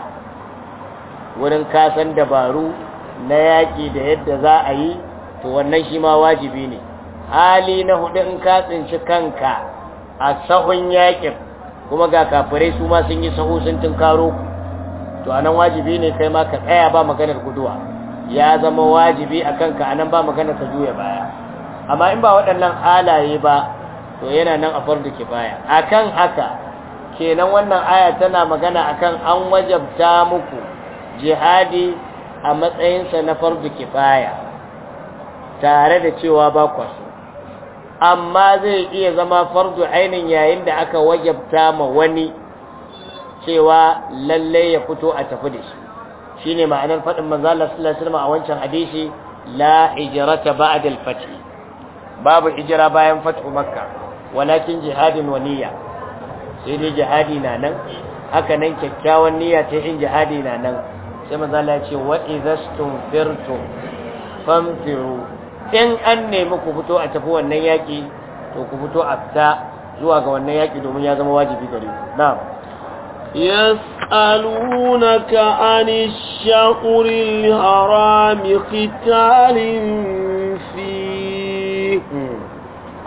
wurin kasan dabaru na yaƙi da yadda za a yi to wannan shi ma wajibi ne hali na hudu in ka tsinci kanka a sahun yaƙin kuma ga kafirai su ma sun yi sahu sun tunkaro ku to anan wajibi ne kai ma ka tsaya ba maganar guduwa ya zama wajibi a kanka anan ba maganar ka juya baya amma in ba waɗannan halaye ba to yana nan a fardu kifaya akan haka kenan wannan aya tana magana akan an wajabta muku jihadi a matsayinsa na fardu kifaya tare da cewa ba kwaso amma zai iya zama fardu ainin yayin da aka wajabta ma wani cewa lallai ya fito a tafi da shi shine ma'anar faɗin manzala sallallahu a wancan hadishi, la ijrata ba'da al-fath babu ijra bayan fathu makka walakin jihadin waniya. sai dai jihadi na nan haka nan kyakkyawan niyya ta yin jihadi na nan sai manzala ce wa idastum firtum famfiru in an nemi ku fito a tafi wannan yaƙi to ku fito a fita zuwa ga wannan yaƙi domin ya zama wajibi gare ku na'am يسألونك عن الشقر haram qitalin فيه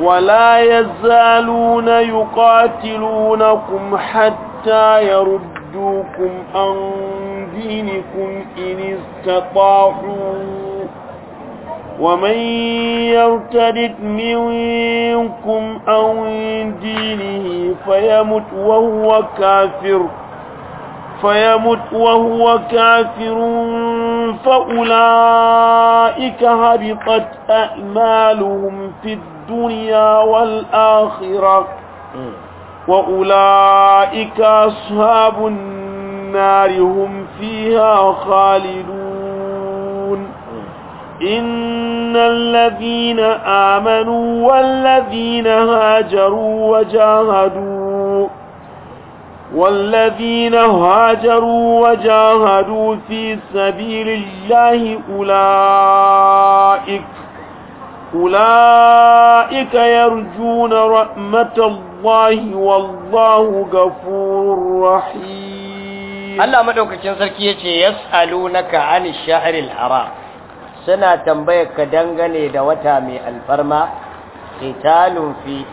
ولا يزالون يقاتلونكم حتى يردوكم عن دينكم إن استطاعوا ومن يرتد منكم عن دينه فيمت وهو كافر فيمت وهو كافر فأولئك هبطت أعمالهم في الدنيا والآخرة وأولئك أصحاب النار هم فيها خالدون إن الذين آمنوا والذين هاجروا وجاهدوا والذين هاجروا وجاهدوا في سبيل الله أولئك أولئك يرجون رحمة الله والله غفور رحيم الله مدوكاكين سركي يتي يسألونك عن الشهر الحرام سنة تنبيك دنغني دوتامي الفرما قتال فيه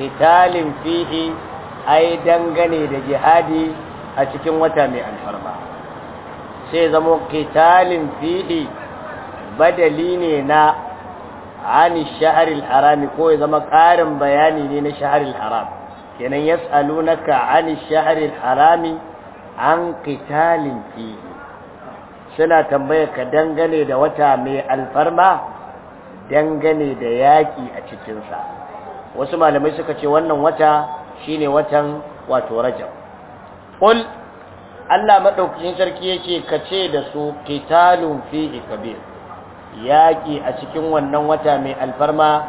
قتال فيه ai dangane da jihadi a cikin wata mai alfarma sai zamo kitalin fihi badali ne na ani shaharil harami ko ya zama ƙarin bayani ne na shaharil haram kenan yas'alunaka ani shaharil harami an kitalin fihi suna tambaya ka dangane da wata mai alfarma dangane da yaƙi a cikinsa wasu malamai suka ce wannan wata shine watan wato rajab qul Allah madaukakin sarki yace kace da su qitalun fihi kabir yaki a cikin wannan wata mai alfarma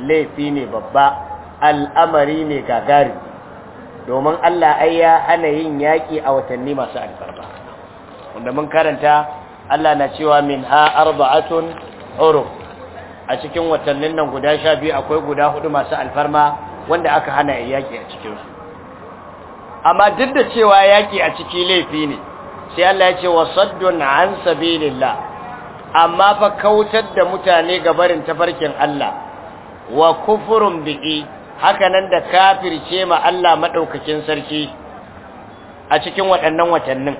laifi ne babba al'amari ne gagari domin Allah ayya ya hana yin yaki a watanni masu alfarma wanda mun karanta Allah na cewa min ha arba'atun hurum a cikin watannin nan guda 12 akwai guda hudu masu alfarma wanda aka hana ya yaƙi a cikinsu amma duk da cewa yaki a ciki laifi ne sai Allah ya ce wa an sabilillah amma fa kautar da mutane ga barin tafarkin Allah wa kufurun bi'i hakanan da kafirce ma Allah madaukakin sarki a cikin waɗannan watannin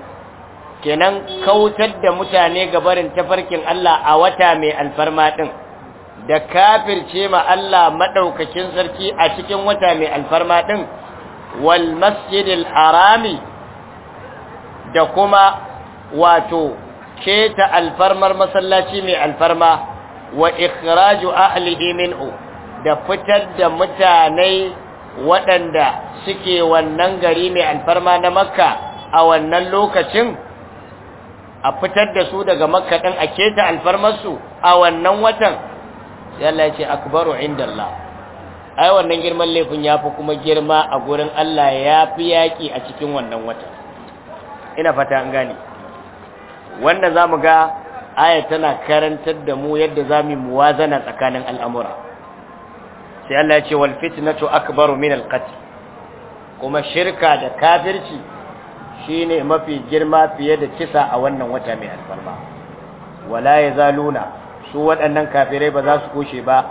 kenan kautar da mutane ga barin tafarkin Allah a wata mai alfarma din da kafirce ma Allah maɗaukakin sarki a cikin wata mai alfarma ɗin, wal masjidil harami da kuma wato keta alfarmar masallaci mai alfarma wa ikhraju ahlihi minhu da fitar da mutane waɗanda suke wannan gari mai alfarma na makka a wannan lokacin a fitar da su daga makka ɗin a keta alfarmarsu a wannan watan sai Allah ya ce akbaru indallah ai wannan girman laifin ya fi kuma girma a gurin Allah ya fi yaki a cikin wannan wata ina fata an gane wanda zamu ga aya tana karantar da mu yadda zamu muwazana tsakanin al'amura sai Allah ya ce wal fitnatu akbaru min al kuma shirka da kafirci shine mafi girma fiye da kisa a wannan wata mai albarba wala ya yazaluna su waɗannan kafirai ba za su kushe ba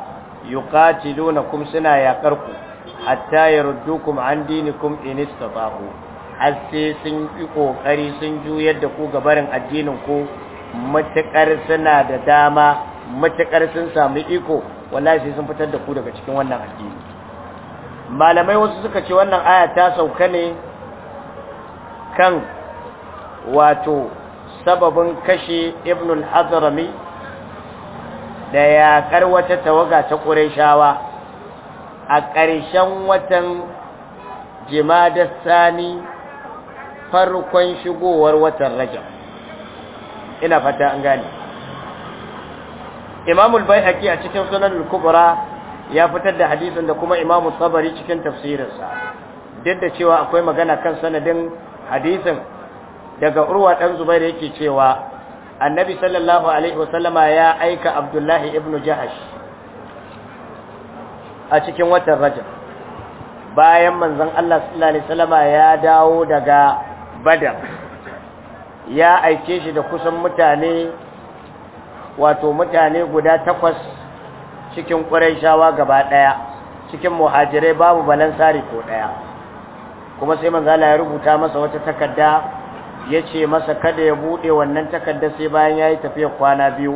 yuqatilunakum suna yaƙar ku hatta yaruddukum an dinikum in istata'u har sai sun yi kokari sun juyar da ku gabarin addinin ku matakar suna da dama matakar sun samu iko wallahi sai sun fitar da ku daga cikin wannan addini malamai wasu suka ce wannan aya ta sauka ne kan wato sababin kashe ibnul azrami da yaƙar wata tawaga ta ƙureshawa a ƙarshen watan jimadar sani farkon shigowar watan rajab ina fata an gane imamul bai'aki a cikin sunan kubra ya fitar da hadisin da kuma imamu sabari cikin tafsirinsa duk da cewa akwai magana kan sanadin hadisin daga urwa ɗan zubair yake cewa annabi sallallahu alaihi wasallama ya aika abdullahi Ibnu jahash a cikin watan rajab bayan manzon Allah sallallahu alaihi wasallama ya dawo daga badar ya aike shi da kusan mutane wato mutane guda takwas cikin shawa gaba ɗaya cikin muhajirai babu balansari ko ɗaya kuma sai manzala ya rubuta masa wata takarda ya ce masa kada ya buɗe wannan takardar sai bayan ya yi tafiya kwana biyu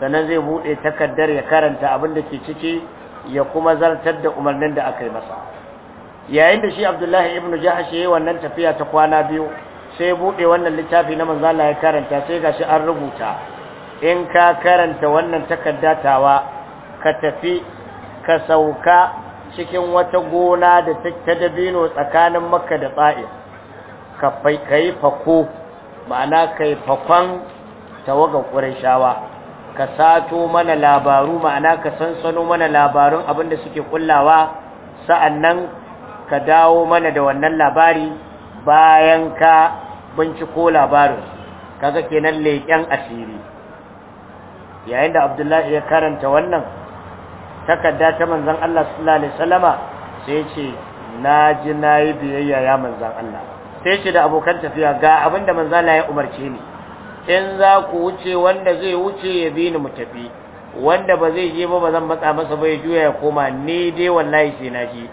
sannan zai buɗe takardar ya karanta abin da ke ciki ya kuma zartar da umarnin da aka yi masa yayin da shi abdullahi ibn jahashi ya yi wannan tafiya ta kwana biyu sai buɗe wannan littafi na manzala ya karanta sai gashi an rubuta in ka karanta wannan tawa ka tafi ka sauka cikin wata gona da ta dabino tsakanin makka da tsa'ir ka kai fako ma'ana kai fakon tawaga ƙurashawa ka sato mana labaru ma'ana ka sansano mana labarun da suke kullawa sa'annan ka dawo mana da wannan labari bayan ka binciko labarin kaga kenan leƙen asiri yayin da abdullahi ya karanta wannan takarda ta manzon Allah sallallahu alaihi wasallama sai ya ce na ji na yi biyayya ya manzon Allah sai ce da abokan tafiya ga abin da manzala ya umarce ni in za ku wuce wanda zai wuce ya bi ni mu tafi wanda ba zai je ba ba zan matsa masa ba ya juya ya koma ne dai wallahi sai na je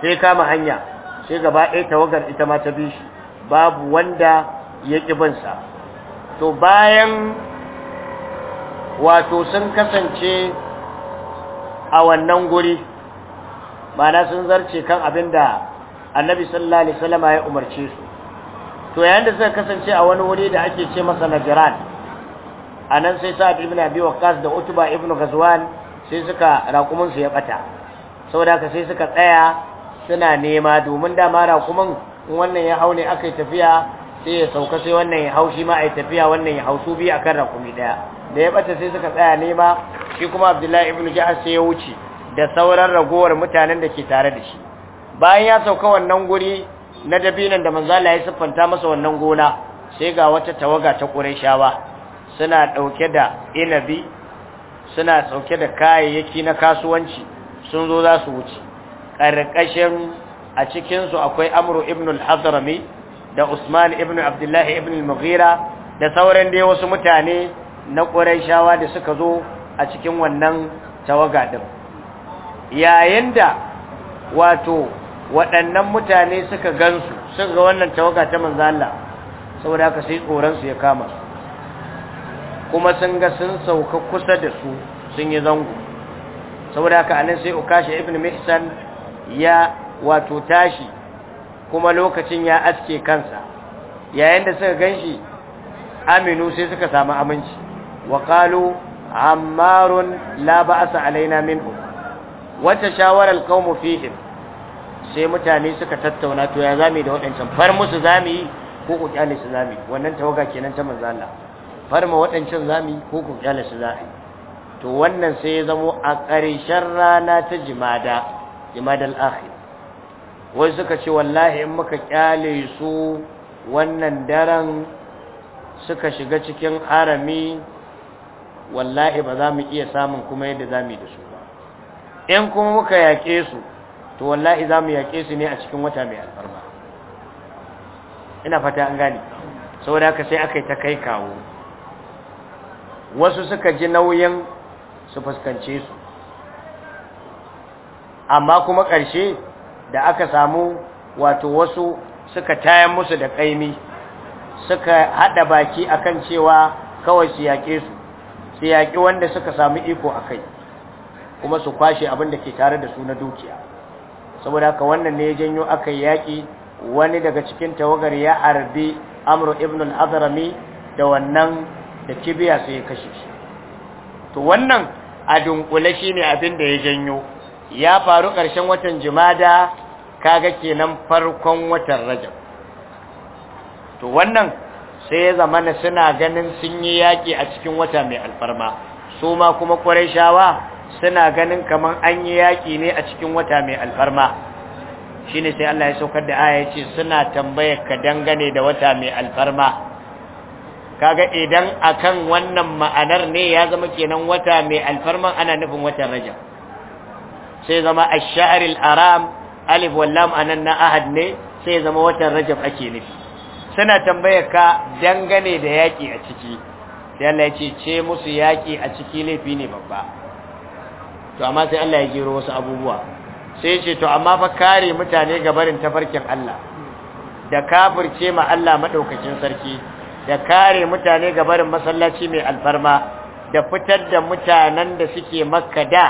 sai kama hanya sai gaba ɗaya tawagar ita ma ta bi shi babu wanda ya ƙi bin sa to bayan wato sun kasance a wannan guri na sun zarce kan abin da annabi sallallahu alaihi wasallam ya umarce su to yayin da suka kasance a wani wuri da ake ce masa najran anan sai sa'ad ibn abi waqqas da utba ibn ghazwan sai suka raƙumin su ya bata saboda ka sai suka tsaya suna nema domin da ma raƙumin wannan ya haune aka yi tafiya sai ya sauka sai wannan ya hau ma a yi tafiya wannan ya hau su biyu akan raƙumi ɗaya da ya bata sai suka tsaya nema shi kuma abdullahi ibn ja'ad sai ya wuce da sauran ragowar mutanen da ke tare da shi bayan ya sauka wannan guri na dabinan da manzala ya siffanta masa wannan gona sai ga wata tawaga ta Qurayshawa suna dauke da inabi suna sauke da kayayyaki na kasuwanci sun zo za su wuce karkashin a cikinsu akwai Amr ibn al da Usman ibn Abdullah ibn al-Mughira da sauran dai wasu mutane na Qurayshawa da suka zo a cikin wannan tawaga din yayin da wato waɗannan mutane suka gansu suka ga wannan tawaga ta manzo Allah saboda haka sai tsoron su ya kama su kuma sun ga sun sauka kusa da su sun yi zango saboda haka anan sai Ukasha ibn Mihsan ya wato tashi kuma lokacin ya aske kansa yayin da suka ganshi aminu sai suka samu aminci wa qalu ammarun la ba'sa alaina minhu wata shawarar qaumu fihim sai mutane suka tattauna to ya zami da waɗancan far musu zami ko ku kyale su zami wannan tawaga kenan ta manzo Allah far ma waɗancan zami ko ku kyale su zami to wannan sai ya zamo a ƙarshen rana ta jimada jimadal akhir wai suka ce wallahi in muka kyale su wannan daren suka shiga cikin harami wallahi ba za mu iya samun kuma yadda za mu yi da su ba in kuma muka yaƙe su to wallahi za mu yaƙe su ne a cikin wata mai alfarma ina fata an gane saboda haka sai aka yi ta kai kawo wasu suka ji nauyin su fuskance su amma kuma ƙarshe da aka samu wato wasu suka tayan musu da ƙaimi suka haɗa baki a kan cewa kawai su yaƙe su su yaƙi wanda suka samu iko a kai kuma su kwashe abin da ke tare da su na dukiya saboda haka wannan ne ya janyo aka yi yaƙi wani daga cikin tawagar ya harbi amru ibn al-azrami da wannan da kibiya sai ya kashe shi to wannan a dunkule shine abin da ya janyo ya faru ƙarshen watan jumada kaga kenan farkon watan rajab to wannan sai ya zamana suna ganin sun yi yaƙi a cikin wata mai alfarma su ma kuma ƙwarai shawa suna ganin kaman an yi yaƙi ne a cikin wata mai alfarma shine sai Allah ya saukar da aya yace suna tambayar ka dangane da wata mai alfarma kaga idan akan wannan ma'anar ne ya zama kenan wata mai alfarma ana nufin watan Rajab sai zama ash al aram alif wal lam anan na ahad ne sai zama watan Rajab ake nufi suna tambayar ka dangane da yaƙi a ciki sai Allah ya ce ce musu yaƙi a ciki laifi ne babba to amma sai Allah ya jero wasu abubuwa sai ce to amma fa kare mutane ga barin tafarkin Allah da kafirce ma Allah madaukakin sarki da kare mutane ga barin masallaci mai alfarma da fitar da mutanen da suke makka da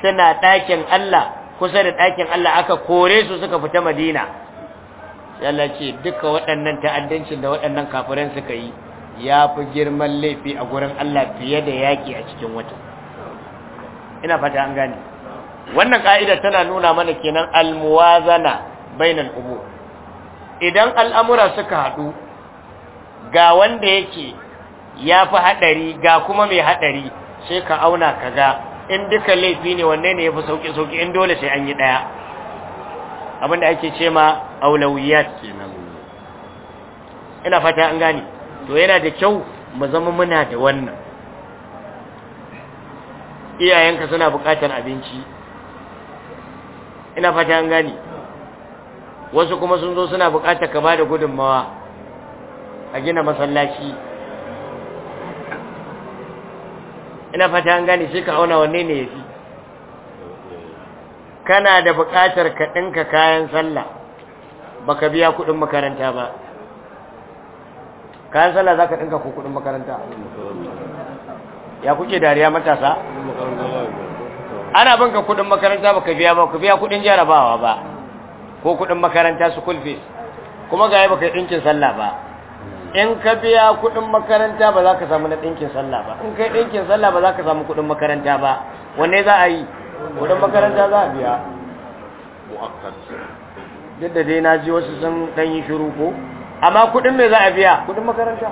suna ɗakin Allah kusa da ɗakin Allah aka kore su suka fita madina sai Allah ce duka waɗannan ta'addancin da waɗannan kafiran suka yi ya fi girman laifi a gurin Allah fiye da yaƙi a cikin wata ina fata an gane wannan ka'idar tana nuna mana kenan almuwazana bainal umur idan al'amura suka haɗu ga wanda yake ya fi haɗari ga kuma mai haɗari sai ka auna ka ga in duka laifi ne wanne ne ya fi sauki in dole sai an yi Abin abinda ake ce ma aulawiyat kenan ina fata an gane to yana da kyau mu zama muna da wannan iyayenka suna bukatar abinci ina fata an gani wasu kuma sun zo suna bukatar ka da gudunmawa a gina masallaci ina fata an gani sai ka auna wanne ne yafi kana da bukatar ka dinka kayan sallah baka biya kudin makaranta ba kayan sallah zaka dinka ko kudin makaranta ya kuke dariya matasa ana banka kudin makaranta baka biya ba ku biya kudin jarabawa ba ko kudin makaranta su kulfi kuma ga baka dinkin sallah ba in ka biya kudin makaranta ba za ka samu na dinkin sallah ba in kai dinkin sallah ba za ka samu kudin makaranta ba wanne za a yi kudin makaranta za a biya duk da dai na ji wasu sun dan yi shiru ko amma kudin me za a biya kudin makaranta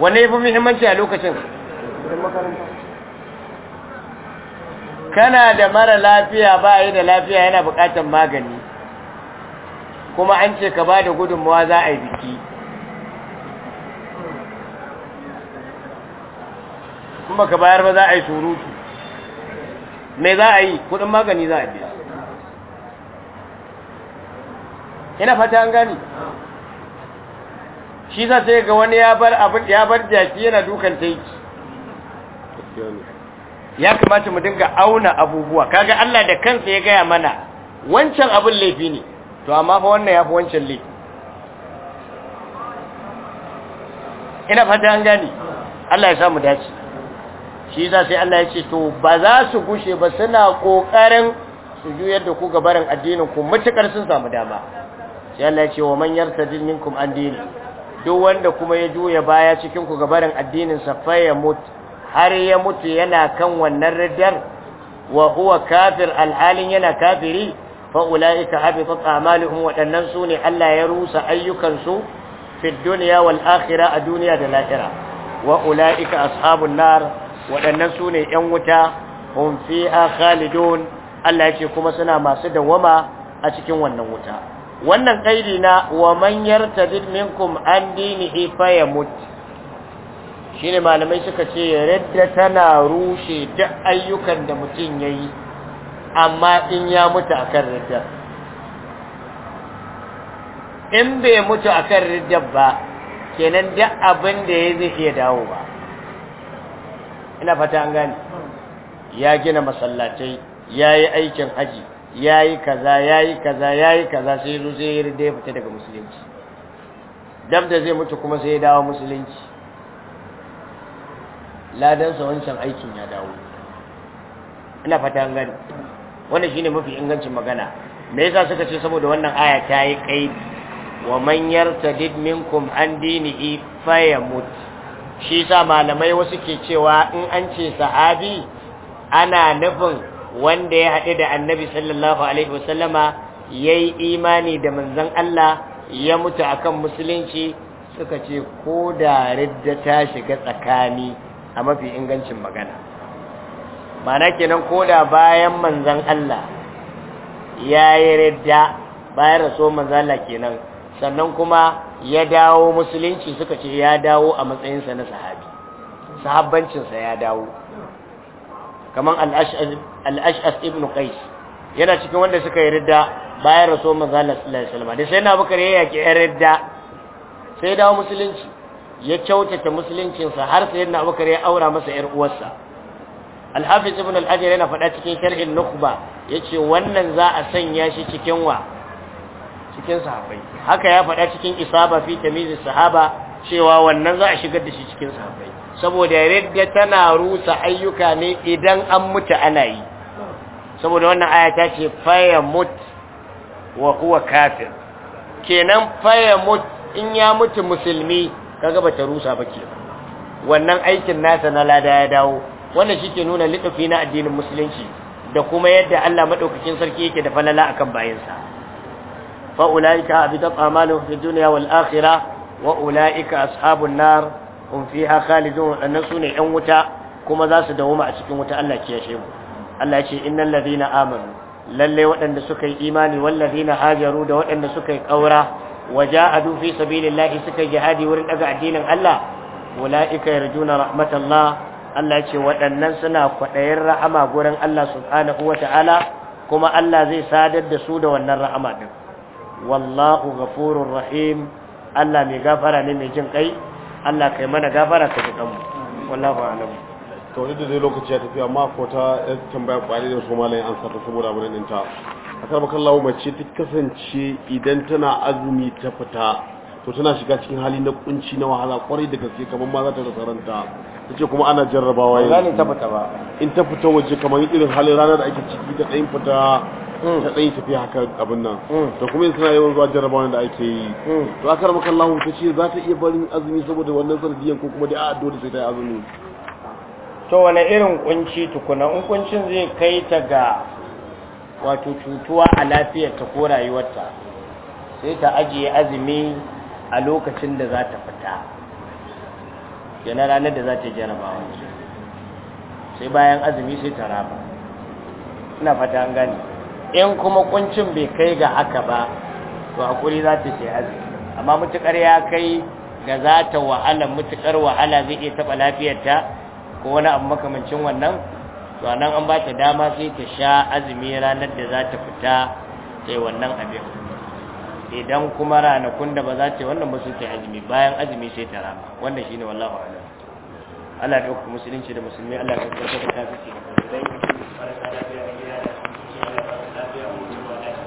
wanne ya fi muhimmanci a lokacin kudin makaranta kana da mara lafiya ba yi da lafiya yana buƙatar magani kuma an ce ka ba da gudunmawa za a yi biki kuma ka bayar ba za a yi surutu me za a yi kudin magani za a biya ina fata an gani shi za sai ga wani ya bar jaki yana dukan taiki ya kamata mu dinga auna abubuwa kaga Allah da kansa ya gaya mana wancan abin laifi ne to amma fa wannan yafi wancan laifi ina fata an gani Allah ya samu dace shi yasa sai Allah ya ce to ba za su gushe ba suna kokarin su juyar da ku gabarin addinin ku mutukar sun samu dama sai Allah ya ce wa man yartadil minkum an dini duk wanda kuma ya juya baya cikin ku gabarin addinin sa fa ya mutu har ya mutu yana kan wannan riddar wa huwa kafir alhalin yana kafiri fa ulaika habitat a'maluhum wadannan sune Allah ya rusa ayyukansu fi dunya wal akhirah a duniya da lahira wa ulaika ashabun nar wadannan sune yan wuta hum fiha khalidun Allah yace kuma suna masu dawama a cikin wannan wuta wannan kaidi na wa man yartadid minkum an dinihi mutu. ne malamai suka ce yarda tana rushe da ayyukan da mutum ya yi, amma in ya mutu akan riddar? in bai mutu akan riddar ba kenan da abin da ya zai iya dawo ba ina fata an gani. ya gina masallatai ya yi aikin haji ya yi kaza ya yi kaza ya yi kaza sai zo sai ya fita daga musulunci dab da zai mutu kuma sai ya dawo musulunci ladansa wancan aikin ya dawo ina fata gani wannan shine mafi ingancin magana me yasa suka ce saboda wannan aya ta yi kaidi wa man yartadid minkum an dinihi fayamut shi sa malamai wasu ke cewa in an ce sahabi ana nufin wanda ya haɗu da annabi sallallahu alaihi wasallama ya yi imani da manzon Allah ya mutu akan musulunci suka ce ko da ridda ta shiga tsakani a mafi ingancin magana mana kenan koda bayan manzan Allah ya yi ridda bayan raso manzan Allah kenan sannan kuma ya dawo musulunci suka ce ya dawo a matsayinsa na sahabi sahabbancinsa ya dawo kaman al-ash'as ibn qais yana cikin wanda suka yi ridda bayan raso manzan Allah sallallahu alaihi wasallam da sai na bakar ya yaki ridda sai dawo musulunci ya kyautata musuluncinsa har sai yana abubakar ya aura masa ‘yar uwarsa alhafiz ibn al'ajar yana faɗa cikin sharhin nukba ya ce wannan za a sanya shi cikin wa cikin sahabai haka ya faɗa cikin isaba fi tamizin sahaba cewa wannan za a shigar da shi cikin sahabai saboda yadda tana rusa ayyuka ne idan an mutu ana yi saboda wannan aya ta ce faya mut wa huwa kafir kenan faya mut in ya mutu musulmi kaga bata rusa ba ke wannan aikin nasa na lada ya dawo wannan shike nuna littafi na addinin musulunci da kuma yadda Allah madaukakin sarki yake da falala akan bayansa fa ulaika abidat amaluhum fid dunya wal akhirah wa ulaika ashabun nar hum fiha khalidun sune yan wuta kuma za su dawoma a cikin wuta Allah ya shemu Allah ya ce innal ladina amanu lalle waɗanda suka yi imani wal ladina hajaru da waɗanda suka yi kaura wajahadu fi sabilillahi suka jihadi wurin daga addinin Allah ulaika yarjuna rahmatallah Allah ya ce waɗannan suna kwaɗayin rahama gurin Allah subhanahu wataala kuma Allah zai sadar da su da wannan rahama din wallahu ghafurur rahim Allah mai gafara ne mai jin kai Allah kai mana gafara ka ji kanmu wallahu a'lam to duk da lokaci ya tafi amma ko ta tambaya kwari da su malayin an sarrafa saboda abin ɗinta a karbakallahu mace ta kasance idan tana azumi ta fita to tana shiga cikin hali na kunci na wahala kwarai da gaske kamar ma za ta rasa ranta ta ce kuma ana jarrabawa yanzu ta fita ba in ta fita waje kamar irin halin ranar da ake ciki ta ɗayin fita hmm. ta ɗayin tafiya haka abin nan hmm. to kuma in suna yawan zuwa jarrabawa da ake yi hmm. to a karbakallahu ta ce za ta iya barin azumi saboda wannan sanadiyan ko kuma da a dole sai ta yi azumi to wani irin kunci tukuna in kuncin zai kai ta ga wato cutuwa a lafiyarta ko rayuwarta sai ta ajiye azumi a lokacin da za ta fita yana ranar da za ta wani sai bayan azumi sai ta raba ina fata an gani in kuma kuncin bai kai ga haka ba to hakuri za ta ce azumi amma mutukar ya kai ga za ta wahala mutukar wahala zai iya taɓa lafiyarta ko wani abu makamancin wannan to anan an ba ta dama sai ta sha azumi ranar da za ta fita sai wannan abin idan kuma ranakun da ba za ta wannan ba sai ta azumi bayan azumi sai ta rama wannan shine wallahi a'lam Allah ya dauka musulunci da musulmi Allah ya dauka ta kafi da kai